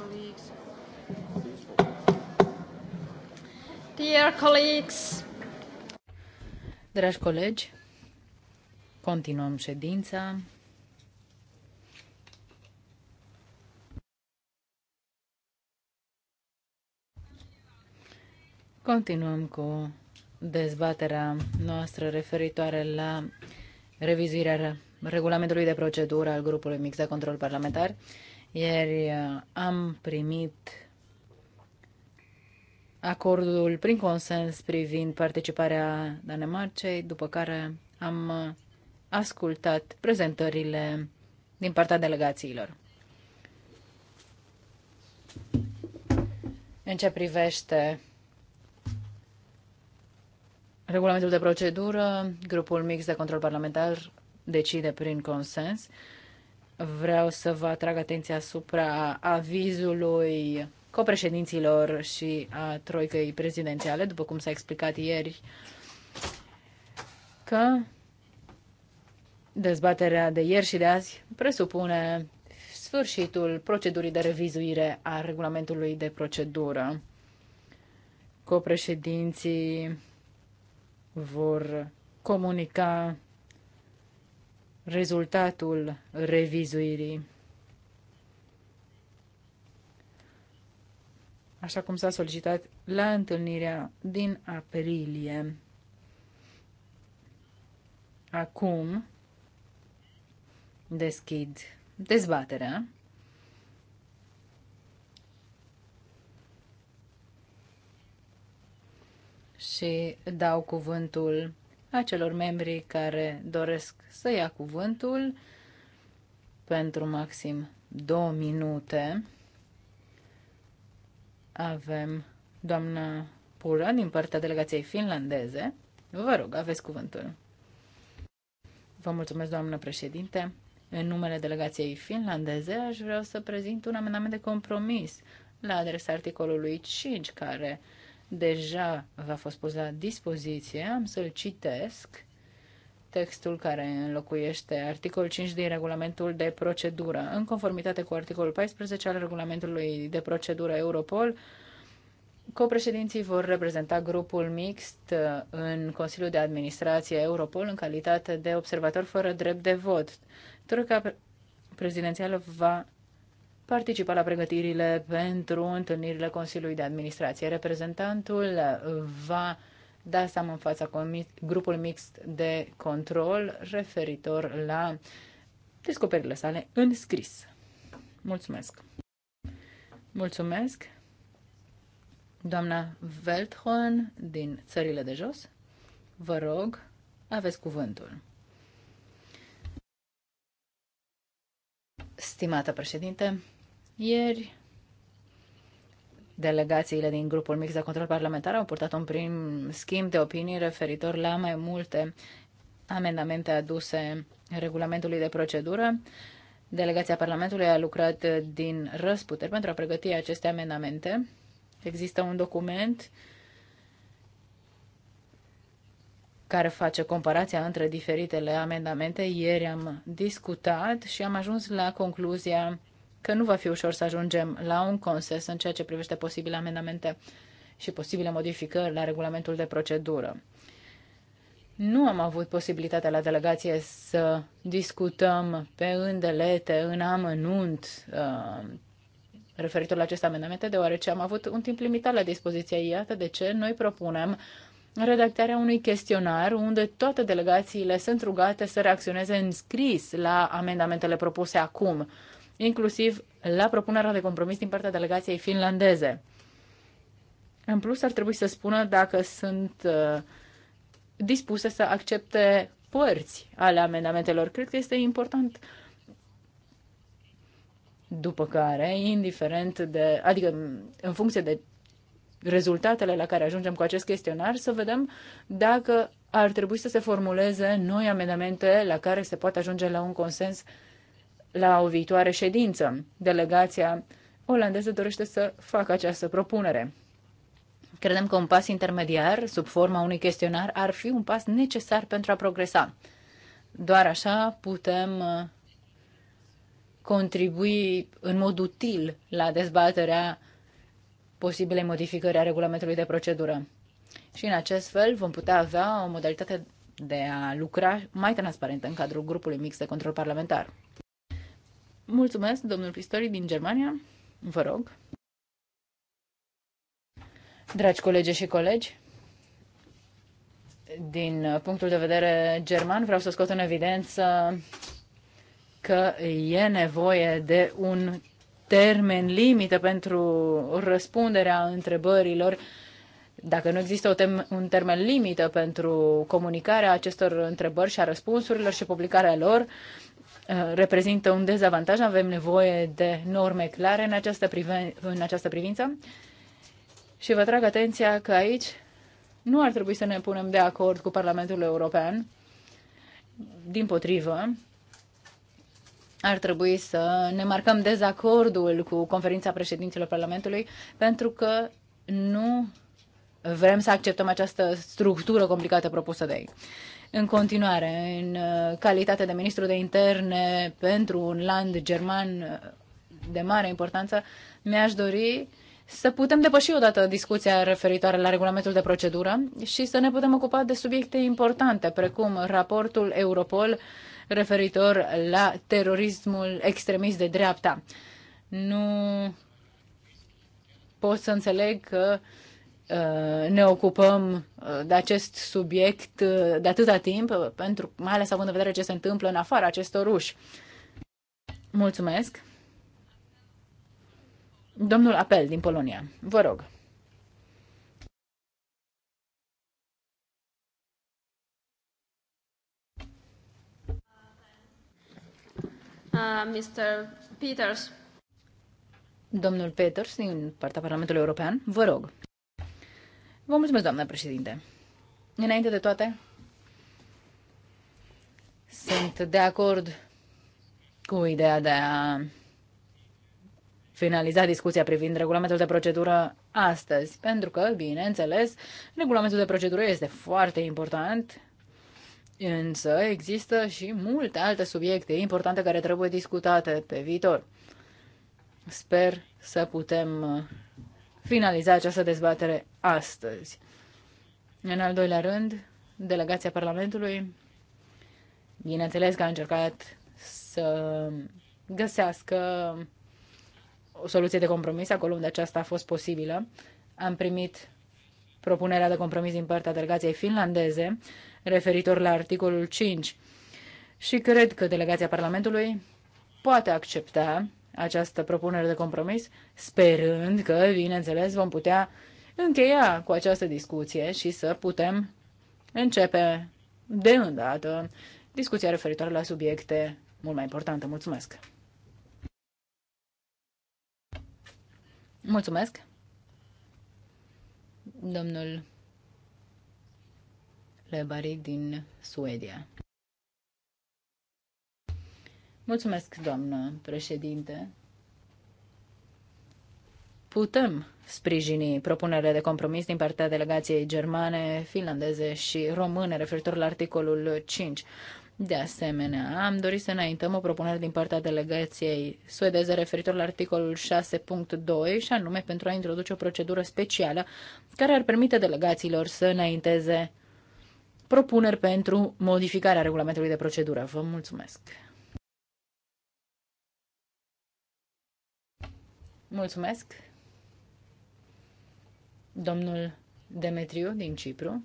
colleagues. Dear colleagues. Dragi colegi, continuăm ședința. Continuăm cu dezbaterea noastră referitoare la revizuirea regulamentului de procedură al grupului mix de control parlamentar. Ieri uh, am primit acordul prin consens privind participarea Danemarcei, după care am uh, ascultat prezentările din partea delegațiilor. În ce privește regulamentul de procedură, grupul mix de control parlamentar decide prin consens. Vreau să vă atrag atenția asupra avizului copreședinților și a troicăi prezidențiale, după cum s-a explicat ieri, că dezbaterea de ieri și de azi presupune sfârșitul procedurii de revizuire a regulamentului de procedură. Copreședinții vor comunica rezultatul revizuirii. Așa cum s-a solicitat la întâlnirea din aprilie. Acum deschid dezbaterea. și dau cuvântul acelor membri care doresc să ia cuvântul pentru maxim două minute. Avem doamna Pura din partea delegației finlandeze. Vă rog, aveți cuvântul. Vă mulțumesc, doamnă președinte. În numele delegației finlandeze aș vrea să prezint un amendament de compromis la adresa articolului 5, care deja v-a fost pus la dispoziție. Am să-l citesc textul care înlocuiește articol 5 din regulamentul de procedură. În conformitate cu articolul 14 al regulamentului de procedură Europol, copreședinții vor reprezenta grupul mixt uh, în Consiliul de Administrație Europol în calitate de observator fără drept de vot. Turca prezidențială va participa la pregătirile pentru întâlnirile Consiliului de Administrație. Reprezentantul va da seama în fața grupul mixt de control referitor la descoperirile sale în scris. Mulțumesc! Mulțumesc! Doamna Welthorn din țările de jos, vă rog, aveți cuvântul. Stimată președinte, ieri Delegațiile din grupul mix de control parlamentar au purtat un prim schimb de opinii referitor la mai multe amendamente aduse regulamentului de procedură. Delegația Parlamentului a lucrat din răsputeri pentru a pregăti aceste amendamente. Există un document care face comparația între diferitele amendamente. Ieri am discutat și am ajuns la concluzia că nu va fi ușor să ajungem la un consens în ceea ce privește posibile amendamente și posibile modificări la regulamentul de procedură. Nu am avut posibilitatea la delegație să discutăm pe îndelete, în amănunt, uh, referitor la aceste amendamente, deoarece am avut un timp limitat la dispoziție. Iată de ce noi propunem redactarea unui chestionar unde toate delegațiile sunt rugate să reacționeze în scris la amendamentele propuse acum inclusiv la propunerea de compromis din partea delegației finlandeze. În plus, ar trebui să spună dacă sunt uh, dispuse să accepte părți ale amendamentelor. Cred că este important după care, indiferent de, adică în funcție de rezultatele la care ajungem cu acest chestionar, să vedem dacă ar trebui să se formuleze noi amendamente la care se poate ajunge la un consens la o viitoare ședință. Delegația olandeză dorește să facă această propunere. Credem că un pas intermediar, sub forma unui chestionar, ar fi un pas necesar pentru a progresa. Doar așa putem uh, contribui în mod util la dezbaterea posibilei modificări a regulamentului de procedură. Și în acest fel vom putea avea o modalitate de a lucra mai transparentă în cadrul grupului mix de control parlamentar. Mulțumesc, domnul Pistori din Germania. Vă rog. Dragi colegi și colegi, din punctul de vedere german, vreau să scot în evidență că e nevoie de un termen limită pentru răspunderea întrebărilor. Dacă nu există o tem- un termen limită pentru comunicarea acestor întrebări și a răspunsurilor și publicarea lor, uh, Uh, reprezintă un dezavantaj. Avem nevoie de norme clare în această, în această privință. Și vă trag atenția că aici nu ar trebui să ne punem de acord cu Parlamentul European. Din potrivă, ar trebui să ne marcăm dezacordul cu conferința președinților Parlamentului pentru că nu vrem să acceptăm această structură complicată propusă de ei în continuare, în uh, calitate de ministru de interne pentru un land german uh, de mare importanță, mi-aș dori să putem depăși odată discuția referitoare la regulamentul de procedură și să ne putem ocupa de subiecte importante, precum raportul Europol referitor la terorismul extremist de dreapta. Nu pot să înțeleg că uh, Uh, ne ocupăm uh, de acest subiect uh, de atâta timp, pentru, mai ales având în vedere ce se întâmplă în afara acestor uși. Mulțumesc. Domnul Apel din Polonia, vă rog. Uh, Mr. Peters. Domnul Peters din partea Parlamentului European, vă rog. Vă mulțumesc, doamnă președinte. Înainte de toate, sunt de acord cu ideea de a finaliza discuția privind regulamentul de procedură astăzi, pentru că, bineînțeles, regulamentul de procedură este foarte important, însă există și multe alte subiecte importante care trebuie discutate pe viitor. Sper să putem finaliza această dezbatere astăzi. În al doilea rând, delegația Parlamentului, bineînțeles că a încercat să găsească o soluție de compromis acolo unde aceasta a fost posibilă. Am primit propunerea de compromis din partea delegației finlandeze referitor la articolul 5 și cred că delegația Parlamentului poate accepta această propunere de compromis, sperând că, bineînțeles, vom putea încheia cu această discuție și să putem începe de îndată discuția referitoare la subiecte mult mai importante. Mulțumesc! Mulțumesc! Domnul Lebari din Suedia. Mulțumesc, doamnă președinte putem sprijini propunerile de compromis din partea delegației germane, finlandeze și române referitor la articolul 5. De asemenea, am dorit să înaintăm o propunere din partea delegației suedeze referitor la articolul 6.2 și anume pentru a introduce o procedură specială care ar permite delegațiilor să înainteze propuneri pentru modificarea regulamentului de procedură. Vă mulțumesc! Mulțumesc! Domnul Demetriu din Cipru.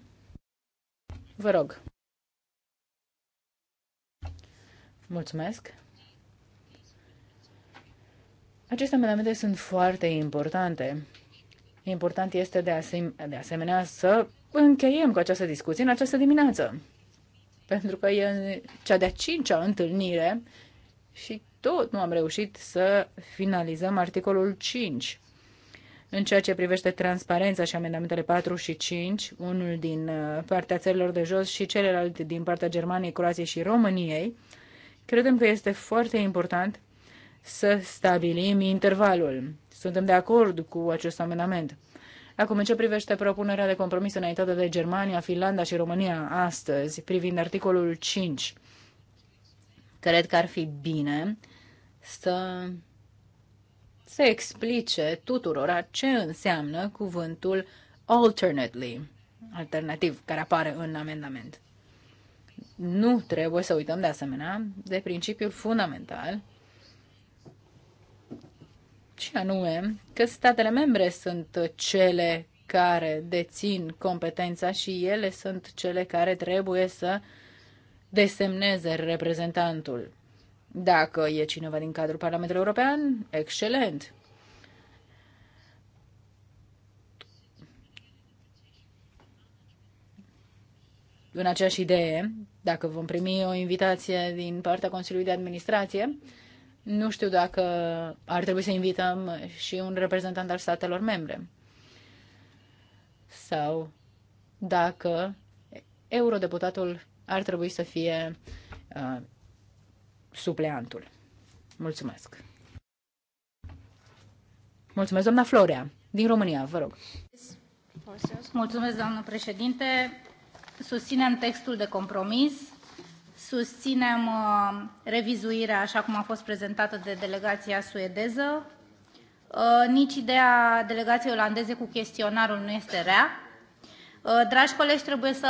Vă rog. Mulțumesc. Aceste amendamente sunt foarte importante. Important este de, asem- de asemenea să încheiem cu această discuție în această dimineață. Pentru că e cea de-a cincea întâlnire și tot nu am reușit să finalizăm articolul 5. În ceea ce privește transparența și amendamentele 4 și 5, unul din uh, partea țărilor de jos și celălalt din partea Germaniei, Croației și României, credem că este foarte important să stabilim intervalul. Suntem de acord cu acest amendament. Acum, în ce privește propunerea de compromis înaintată de Germania, Finlanda și România astăzi, privind articolul 5, cred că ar fi bine să să explice tuturora ce înseamnă cuvântul alternately, alternativ, care apare în amendament. Nu trebuie să uităm de asemenea de principiul fundamental și anume că statele membre sunt cele care dețin competența și ele sunt cele care trebuie să desemneze reprezentantul. Dacă e cineva din cadrul Parlamentului European, excelent. În aceeași idee, dacă vom primi o invitație din partea Consiliului de Administrație, nu știu dacă ar trebui să invităm și un reprezentant al statelor membre. Sau dacă eurodeputatul ar trebui să fie uh, supleantul. Mulțumesc! Mulțumesc, doamna Florea, din România, vă rog. Mulțumesc, doamnă președinte. Susținem textul de compromis, susținem uh, revizuirea așa cum a fost prezentată de delegația suedeză. Uh, nici ideea delegației olandeze cu chestionarul nu este rea Uh, dragi colegi, trebuie să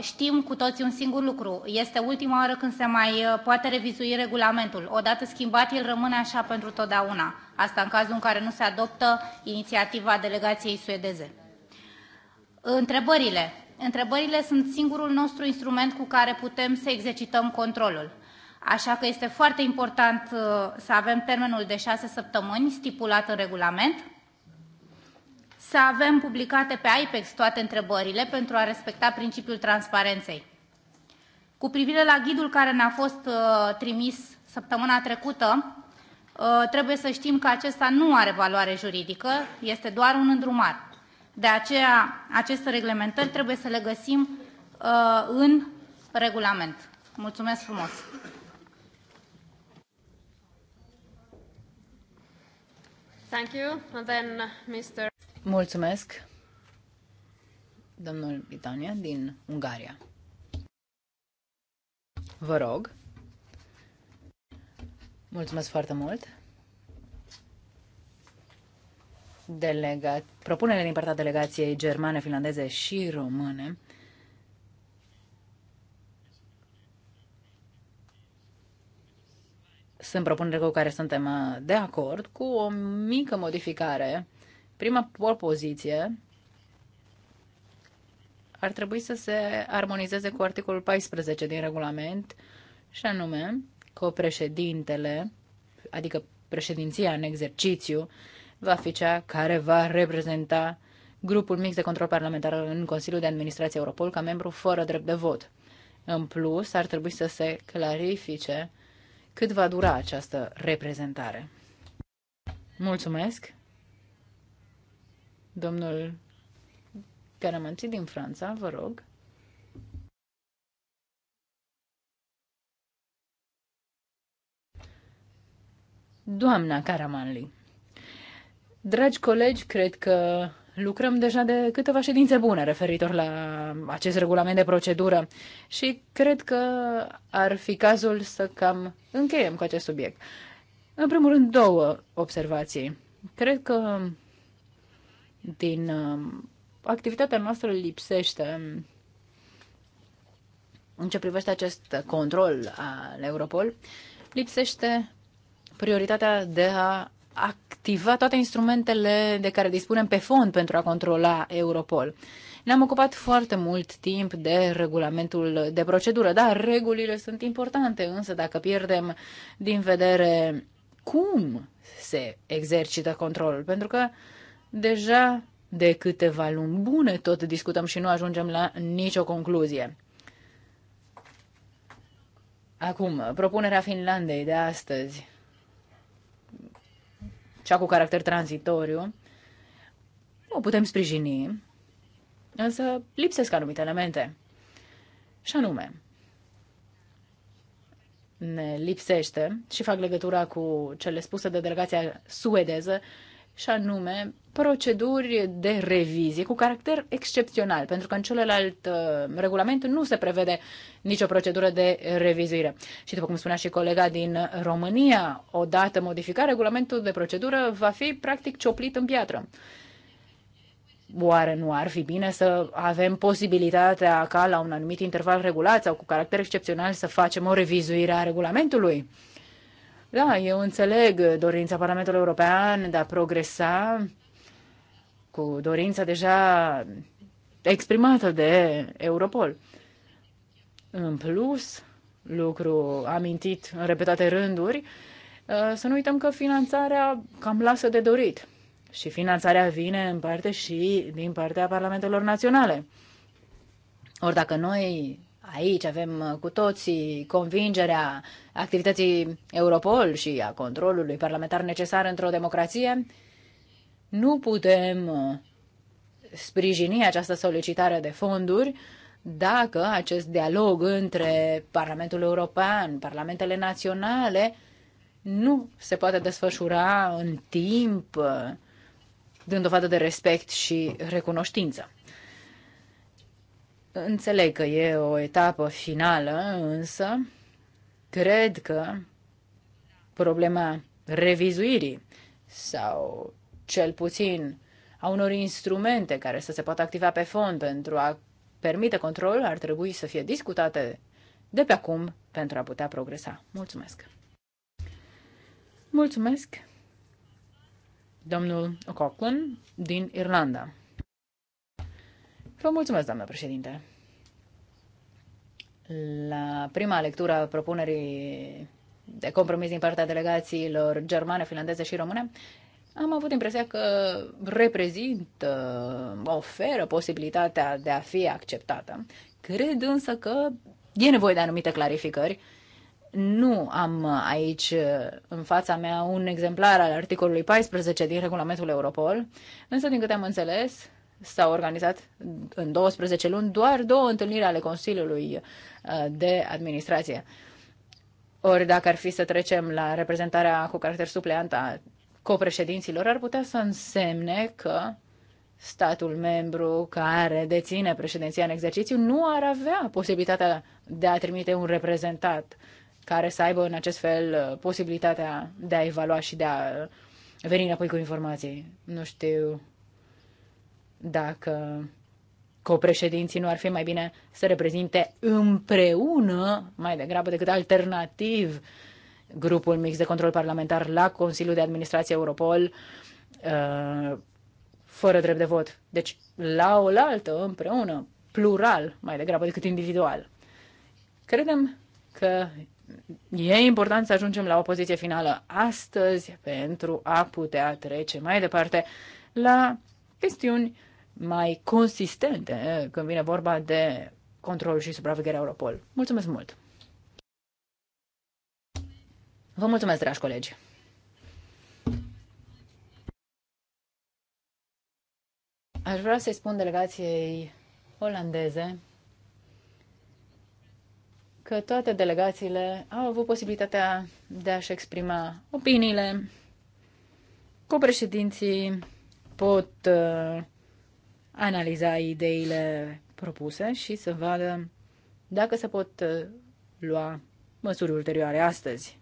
știm cu toții un singur lucru. Este ultima oară când se mai uh, poate revizui regulamentul. Odată schimbat, el rămâne așa pentru totdeauna. Asta în cazul în care nu se adoptă inițiativa delegației suedeze. Întrebările. Întrebările sunt singurul nostru instrument cu care putem să exercităm controlul. Așa că este foarte important uh, să avem termenul de șase săptămâni stipulat în regulament să avem publicate pe IPEX toate întrebările pentru a respecta principiul transparenței. Cu privire la ghidul care ne-a fost uh, trimis săptămâna trecută, uh, trebuie să știm că acesta nu are valoare juridică, este doar un îndrumar. De aceea, aceste reglementări trebuie să le găsim uh, în regulament. Mulțumesc frumos! Thank you. And then Mr. Mulțumesc, domnul Bitania din Ungaria. Vă rog. Mulțumesc foarte mult. Delega... Propunerea din partea delegației germane, finlandeze și române sunt propuneri cu care suntem uh, de acord, cu o mică modificare Prima propoziție ar trebui să se armonizeze cu articolul 14 din regulament, și anume că președintele, adică președinția în exercițiu, va fi cea care va reprezenta grupul mix de control parlamentar în Consiliul de Administrație Europol ca membru fără drept de vot. În plus, ar trebui să se clarifice cât va dura această reprezentare. Mulțumesc! Domnul Garamanti din Franța, vă rog. Doamna Caramanli, dragi colegi, cred că lucrăm deja de câteva ședințe bune referitor la acest regulament de procedură și cred că ar fi cazul să cam încheiem cu acest subiect. În primul rând, două observații. Cred că din um, activitatea noastră lipsește în ce privește acest control al Europol, lipsește prioritatea de a activa toate instrumentele de care dispunem pe fond pentru a controla Europol. Ne-am ocupat foarte mult timp de regulamentul de procedură. dar regulile sunt importante, însă dacă pierdem din vedere cum se exercită controlul, pentru că uh, Deja de câteva luni bune tot discutăm și nu ajungem la nicio concluzie. Acum, propunerea Finlandei de astăzi, cea cu caracter tranzitoriu, o putem sprijini, însă lipsesc anumite elemente. Și anume, ne lipsește și fac legătura cu cele spuse de delegația suedeză și anume proceduri de revizie cu caracter excepțional, pentru că în celălalt uh, regulament nu se prevede nicio procedură de revizuire. Și după cum spunea și colega din România, odată modificat, regulamentul de procedură va fi practic cioplit în piatră. Oare nu ar fi bine să avem posibilitatea ca la un anumit interval regulat sau cu caracter excepțional să facem o revizuire a regulamentului? Da, eu înțeleg dorința Parlamentului European de a progresa cu dorința deja exprimată de Europol. În plus, lucru amintit în repetate rânduri, uh, să nu uităm că finanțarea cam lasă de dorit. Și finanțarea vine în parte și din partea parlamentelor naționale. Ori dacă noi Aici avem uh, cu toții convingerea activității Europol și a controlului parlamentar necesar într-o democrație. Nu putem uh, sprijini această solicitare de fonduri dacă acest dialog între Parlamentul European, Parlamentele Naționale, nu se poate desfășura în timp, uh, dând dovadă de respect și recunoștință. Înțeleg că e o etapă finală, însă cred că problema revizuirii sau cel puțin a unor instrumente care să se poată activa pe fond pentru a permite controlul ar trebui să fie discutate de pe acum pentru a putea progresa. Mulțumesc! Mulțumesc, domnul Coughlin din Irlanda. Vă mulțumesc, doamnă președinte. La prima lectură a propunerii de compromis din partea delegațiilor germane, finlandeze și române, am avut impresia că reprezintă, oferă posibilitatea de a fi acceptată. Cred însă că e nevoie de anumite clarificări. Nu am aici în fața mea un exemplar al articolului 14 din regulamentul Europol, însă din câte am înțeles, s-au organizat în 12 luni doar două întâlniri ale Consiliului uh, de Administrație. Ori dacă ar fi să trecem la reprezentarea cu caracter supleant a copreședinților, ar putea să însemne că statul membru care deține președinția în exercițiu nu ar avea posibilitatea de a trimite un reprezentat care să aibă în acest fel uh, posibilitatea de a evalua și de a veni înapoi cu informații. Nu știu dacă copreședinții nu ar fi mai bine să reprezinte împreună, mai degrabă decât alternativ, grupul mix de control parlamentar la Consiliul de Administrație Europol, uh, fără drept de vot. Deci, la oaltă, împreună, plural, mai degrabă decât individual. Credem că e important să ajungem la o poziție finală astăzi pentru a putea trece mai departe la chestiuni mai consistente eh, când vine vorba de controlul și supravegherea Europol. Mulțumesc mult! Vă mulțumesc, dragi colegi! Aș vrea să-i spun delegației olandeze că toate delegațiile au avut posibilitatea de a-și exprima opiniile. președinții pot uh, analiza ideile propuse și să vadă dacă se pot uh, lua măsuri ulterioare astăzi.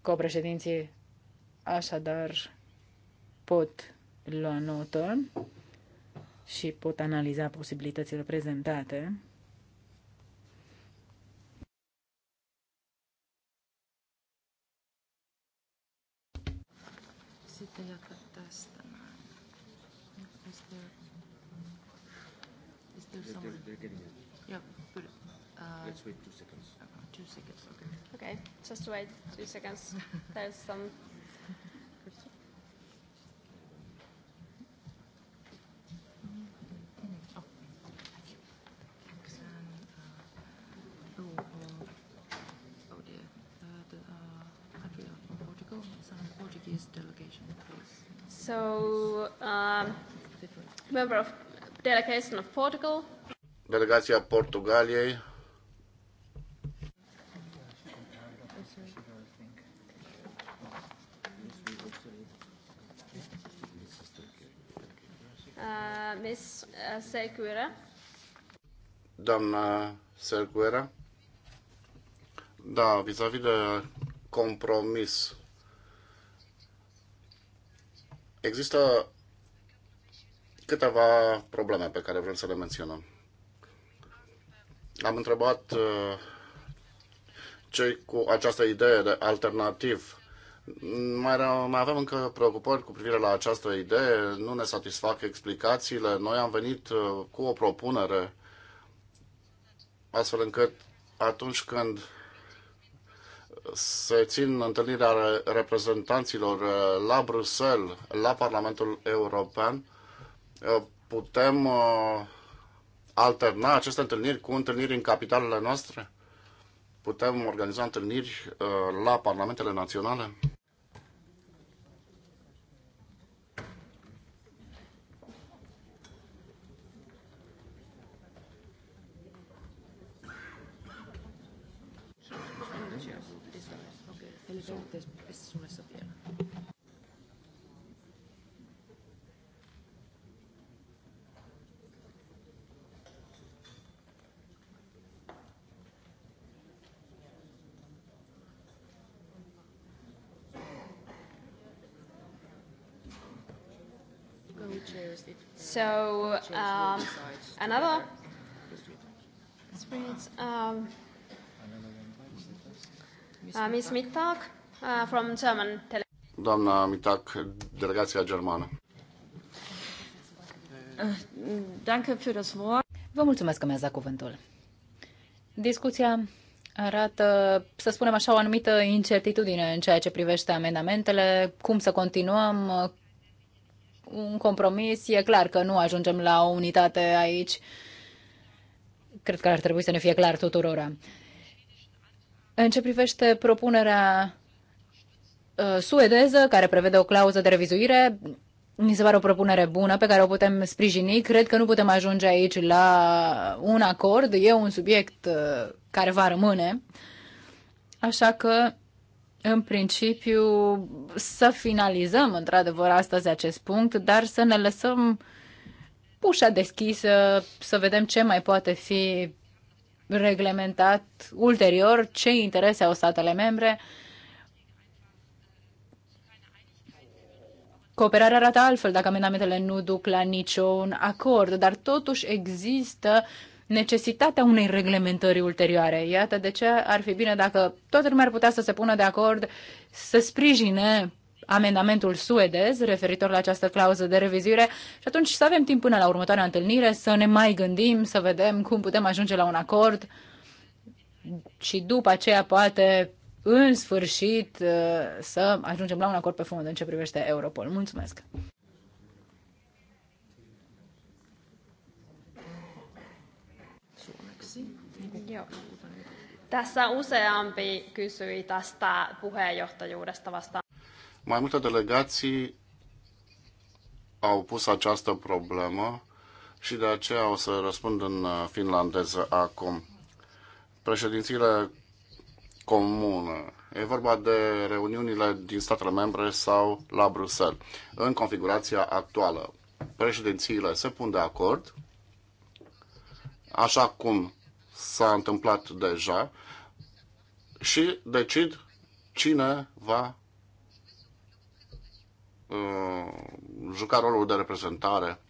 Copreședinții așadar pot lua notă și pot analiza posibilitățile prezentate. Yeah, but uh, let's wait two seconds. Uh, two seconds, okay. Okay, just wait two seconds. There's some member of delegation of Portugal. Delegația Portugaliei. Uh, Miss uh, Secuera. Doamna Secuera. Da, vis-a-vis -vis de compromis. Există câteva probleme pe care vrem să le menționăm. Am întrebat uh, cei cu această idee de alternativ. Mai, mai avem încă preocupări cu privire la această idee, nu ne satisfac explicațiile. Noi am venit uh, cu o propunere astfel încât atunci când se țin întâlnirea reprezentanților uh, la Bruxelles, la Parlamentul European, Uh, putem uh, alterna aceste întâlniri cu întâlniri în capitalele noastre? Putem organiza întâlniri uh, la parlamentele naționale? So um, another experience. Um, uh, Mittag uh, from German. Doamna Mittag, delegația germană. Uh, Vă mulțumesc că mi-ați dat cuvântul. Discuția arată, să spunem așa, o anumită incertitudine în ceea ce privește amendamentele, cum să continuăm, un compromis, e clar că nu ajungem la o unitate aici. Cred că ar trebui să ne fie clar tuturora. În ce privește propunerea uh, suedeză, care prevede o clauză de revizuire, mi se pare o propunere bună pe care o putem sprijini. Cred că nu putem ajunge aici la un acord. E un subiect uh, care va rămâne. Așa că în principiu, să finalizăm într-adevăr astăzi acest punct, dar să ne lăsăm ușa deschisă, să vedem ce mai poate fi reglementat ulterior, ce interese au statele membre. Cooperarea arată altfel dacă amendamentele nu duc la niciun acord, dar totuși există uh, necesitatea unei reglementări ulterioare. Iată de ce ar fi bine dacă toată lumea ar putea să se pună de acord să sprijine amendamentul suedez referitor la această clauză de revizuire și atunci să avem timp până la următoarea întâlnire să ne mai gândim, să vedem cum putem ajunge la un acord și după aceea poate în sfârșit să ajungem la un acord pe fond în ce privește Europol. Mulțumesc! Tässä useampi kysyi tästä puheenjohtajuudesta vastaan. Mai multe delegații au pus această problemă și de aceea o să răspund în uh, finlandeză acum. Președințiile comună. E vorba de reuniunile din statele membre sau la Bruxelles. În configurația actuală, președințiile se pun de acord, așa cum s-a întâmplat deja și decid cine va uh, juca rolul de reprezentare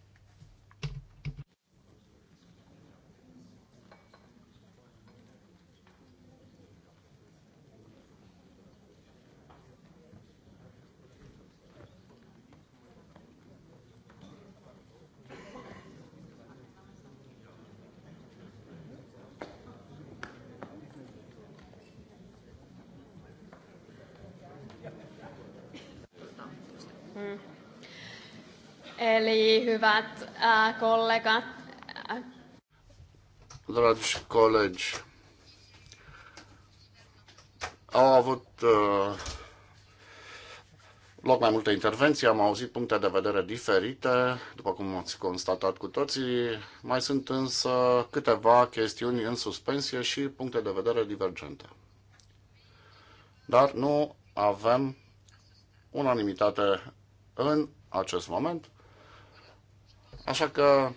Eli hyvät äh, kollegat. Dragi colegi, au avut uh, loc mai multe intervenții, am auzit puncte de vedere diferite, după cum ați constatat cu toții. Mai sunt însă câteva chestiuni în suspensie și puncte de vedere divergente. Dar nu avem unanimitate în acest moment Așa că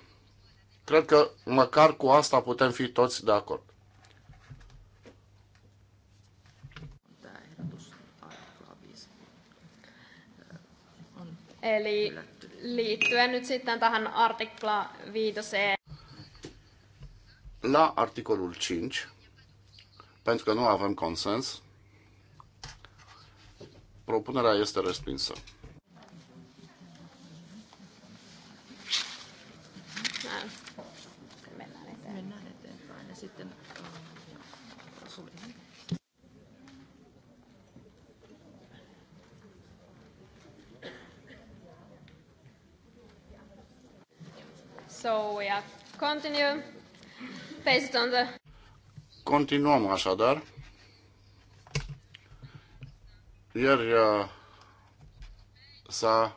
cred că măcar cu asta putem fi toți de acord. Eli liittyen nyt sitten tähän artikla 5. La articolul 5, pentru că nu avem consens, propunerea este respinsă. So we are continue based on the... Continuăm așadar. Ieri uh, s-a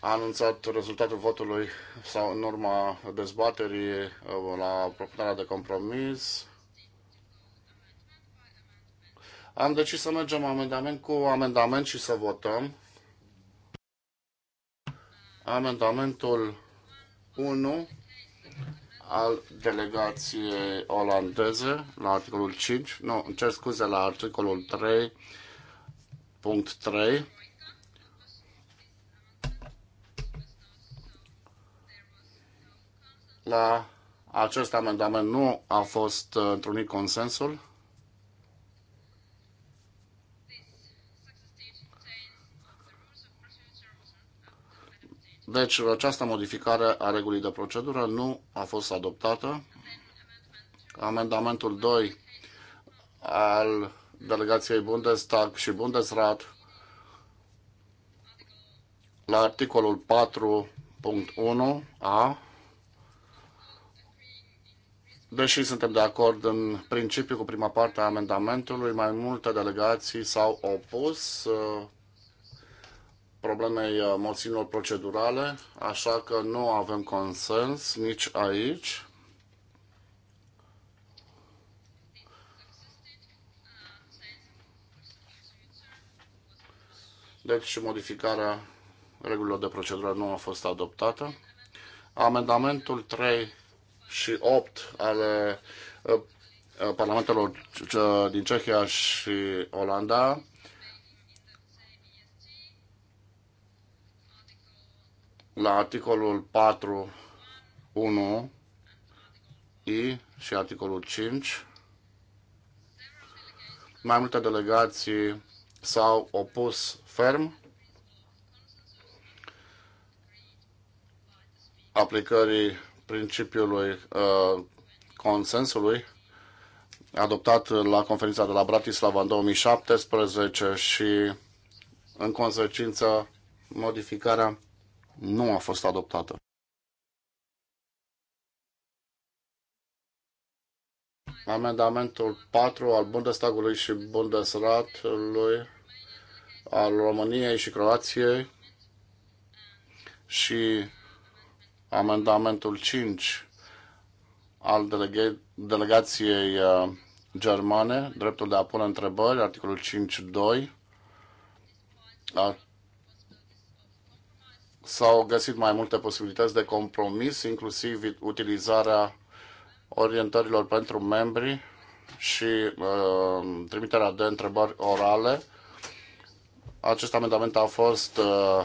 anunțat rezultatul votului sau în urma dezbaterii uh, la propunerea de compromis. Am decis să mergem amendament cu amendament și să votăm. Amendamentul 1 al delegației olandeze la articolul 5, nu, îmi cer scuze, la articolul 3, punct 3, la acest amendament nu a fost uh, întrunit consensul Deci, această modificare a regulii de procedură nu a fost adoptată. Amendamentul 2 al delegației Bundestag și Bundesrat la articolul 4.1a Deși suntem de acord în principiu cu prima parte a amendamentului, mai multe delegații s-au opus uh, problemei uh, moțiunilor procedurale, așa că nu avem consens nici aici. Deci modificarea regulilor de procedură nu a fost adoptată. Amendamentul 3 și 8 ale uh, uh, Parlamentelor din Cehia și Olanda la articolul 4, 1, I și articolul 5, mai multe delegații s-au opus ferm aplicării principiului uh, consensului adoptat la conferința de la Bratislava în 2017 și în consecință modificarea nu a fost adoptată. Amendamentul 4 al Bundestagului și Bundesratului al României și Croației și amendamentul 5 al delega- delegației uh, germane, dreptul de a pune întrebări, articolul 5.2, S-au găsit mai multe posibilități de compromis, inclusiv utilizarea orientărilor pentru membri și uh, trimiterea de întrebări orale. Acest amendament a fost uh,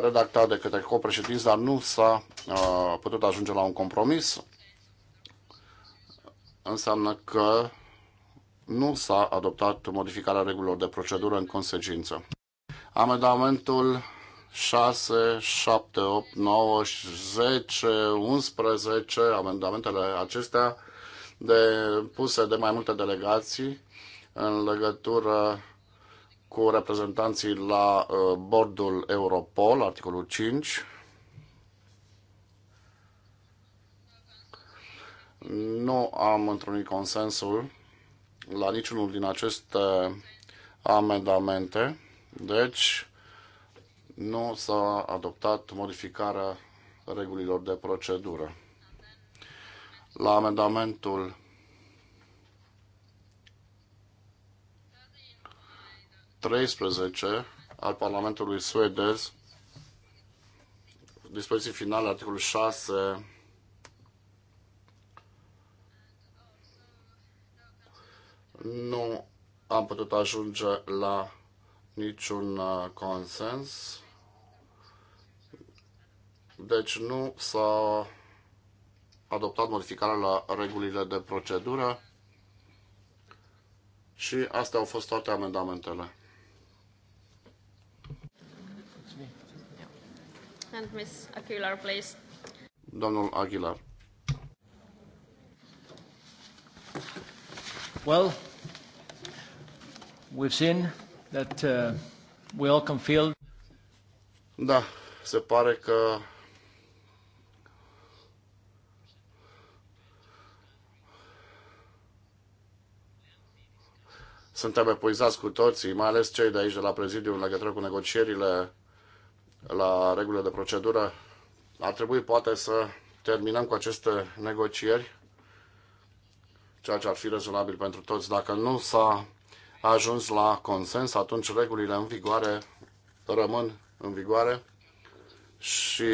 redactat de către copreședinți, dar nu s-a uh, putut ajunge la un compromis. Înseamnă că nu s-a adoptat modificarea regulilor de procedură în consecință. Amendamentul 6, 7, 8, 9, 10, 11, amendamentele acestea de, puse de mai multe delegații în legătură cu reprezentanții la uh, bordul Europol, articolul 5. Nu am întrunit consensul la niciunul din aceste amendamente, deci nu s-a adoptat modificarea regulilor de procedură. La amendamentul 13 al Parlamentului suedez, dispoziții finale, articolul 6, nu am putut ajunge la niciun uh, consens. Deci nu s-a adoptat modificarea la regulile de procedură și astea au fost toate amendamentele. And Ms. Aguilar, please. Domnul Aguilar. Well, we've seen that uh, we all can feel. Da, se pare că Suntem epuizați cu toții, mai ales cei de aici de la prezidiu în legătură cu negocierile la regulile de procedură. Ar trebui poate să terminăm cu aceste negocieri, ceea ce ar fi rezonabil pentru toți. Dacă nu s-a ajuns la consens, atunci regulile în vigoare rămân în vigoare și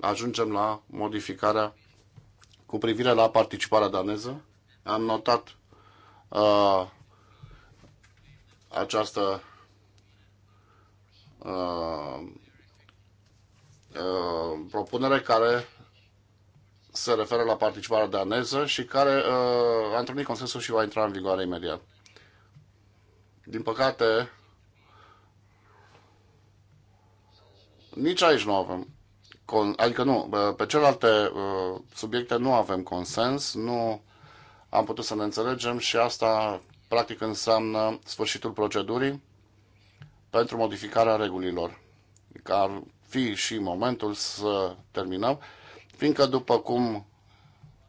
ajungem la modificarea cu privire la participarea daneză. Am notat uh, această uh, uh, propunere care se referă la participarea daneză și care uh, a întâlnit consensul și va intra în vigoare imediat. Din păcate, nici aici nu avem, con, adică nu, pe celelalte uh, subiecte nu avem consens, nu am putut să ne înțelegem și asta practic înseamnă sfârșitul procedurii pentru modificarea regulilor. Că ar fi și momentul să terminăm, fiindcă după cum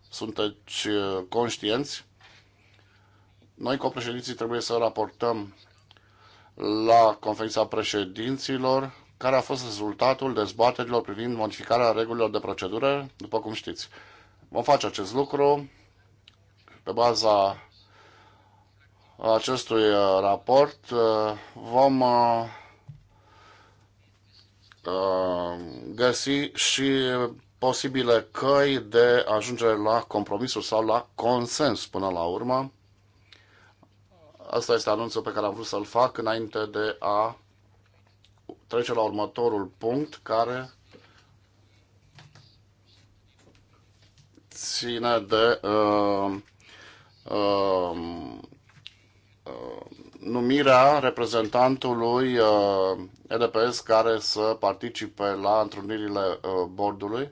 sunteți uh, conștienți, noi copreședinții trebuie să raportăm la conferința președinților care a fost rezultatul dezbaterilor privind modificarea regulilor de procedură, după cum știți. Vom face acest lucru pe baza acestui uh, raport uh, vom uh, găsi și posibile căi de ajungere la compromisul sau la consens până la urmă. Asta este anunțul pe care am vrut să-l fac înainte de a trece la următorul punct care ține de uh, uh, Uh, numirea reprezentantului uh, EDPS care să participe la întrunirile uh, bordului.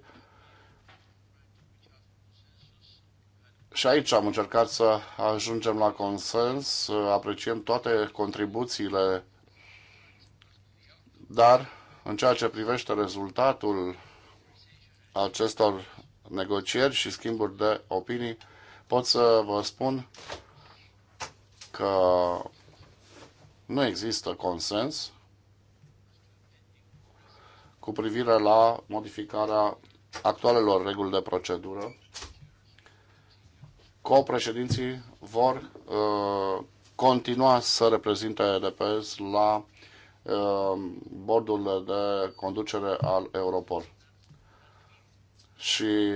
Și aici am încercat să ajungem la consens, apreciem toate contribuțiile, dar în ceea ce privește rezultatul acestor negocieri și schimburi de opinii, pot să vă spun că nu există consens cu privire la modificarea actualelor reguli de procedură. Co-președinții vor uh, continua să reprezinte EDPS la uh, bordul de conducere al Europol. Și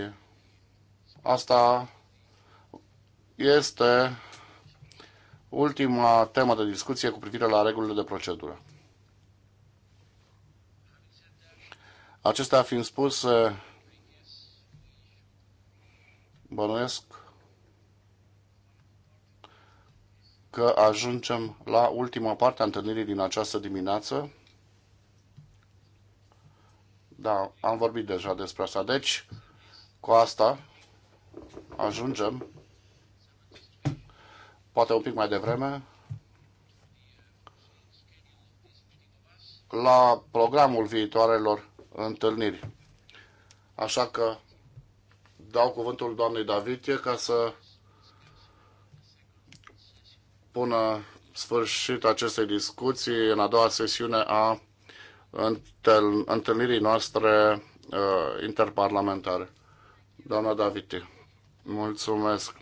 asta este Ultima temă de discuție cu privire la regulile de procedură. Acestea fiind spuse, bănuiesc că ajungem la ultima parte a întâlnirii din această dimineață. Da, am vorbit deja despre asta. Deci, cu asta ajungem poate un pic mai devreme, la programul viitoarelor întâlniri. Așa că dau cuvântul doamnei Davidie ca să pună sfârșit acestei discuții în a doua sesiune a întâlnirii noastre uh, interparlamentare. Doamna Daviti, mulțumesc.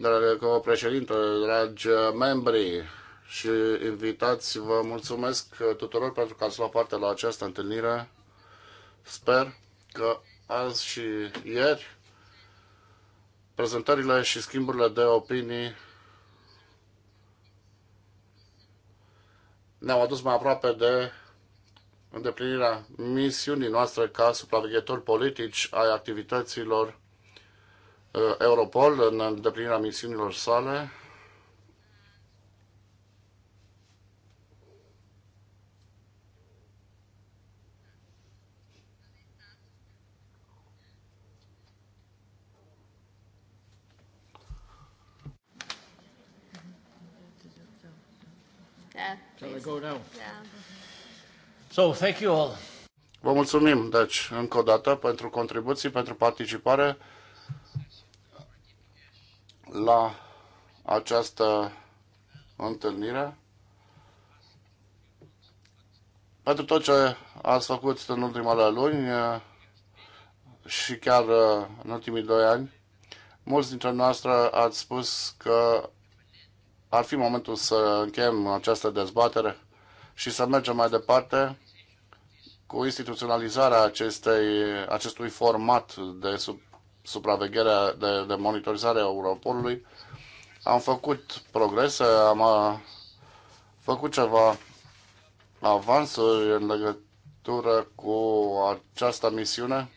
Dragă uh, copreședinte, dragi uh, membri și invitați, vă mulțumesc uh, tuturor pentru că ați luat parte la această întâlnire. Sper că azi și ieri prezentările și schimburile de opinii ne-au adus mai aproape de îndeplinirea misiunii noastre ca supraveghetori politici ai activităților Uh, Europol în îndeplinirea misiunilor sale. So, thank you all. Vă mulțumim, deci, încă o dată pentru contribuții, pentru participare la această întâlnire pentru tot ce ați făcut în ultimele luni și chiar în ultimii doi ani. Mulți dintre noastre ați spus că ar fi momentul să încheiem această dezbatere și să mergem mai departe cu instituționalizarea acestei, acestui format de sub supraveghere, de, de monitorizare a Europolului, am făcut progrese, am a, uh, făcut ceva avansuri în legătură cu această misiune.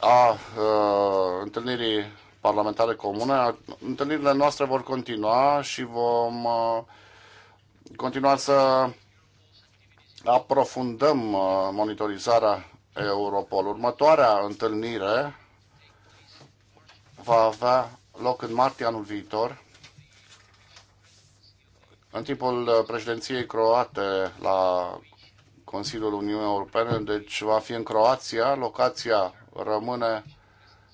a uh, întâlnirii parlamentare comune. Întâlnirile noastre vor continua și vom uh, continua să aprofundăm uh, monitorizarea Europol. Următoarea întâlnire va avea loc în martie anul viitor, în timpul uh, președinției croate la Consiliul Uniunii Europene, deci va fi în Croația, locația rămâne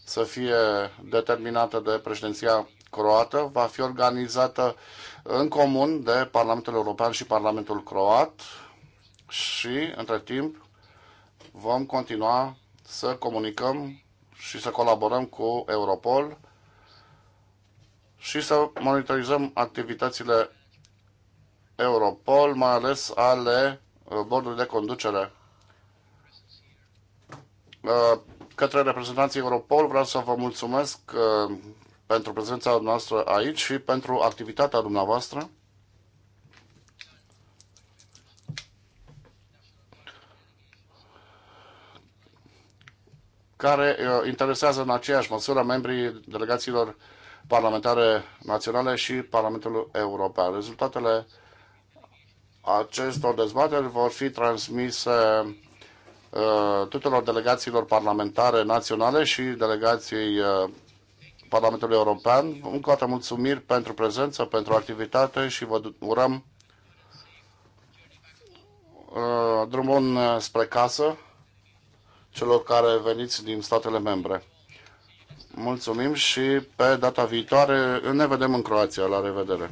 să fie determinată de președinția croată, va fi organizată în comun de Parlamentul European și Parlamentul Croat, și, între timp, vom continua să comunicăm și să colaborăm cu Europol și să monitorizăm activitățile Europol, mai ales ale uh, bordului de conducere. Uh, către reprezentanții Europol vreau să vă mulțumesc uh, pentru prezența noastră aici și pentru activitatea dumneavoastră. care uh, interesează în aceeași măsură membrii delegațiilor parlamentare naționale și Parlamentul European. Rezultatele acestor dezbateri vor fi transmise uh, tuturor delegațiilor parlamentare naționale și delegației uh, Parlamentului European. Încă o dată mulțumiri pentru prezență, pentru activitate și vă urăm drumul spre casă celor care veniți din statele membre. Mulțumim și pe data viitoare ne vedem în Croația. La revedere!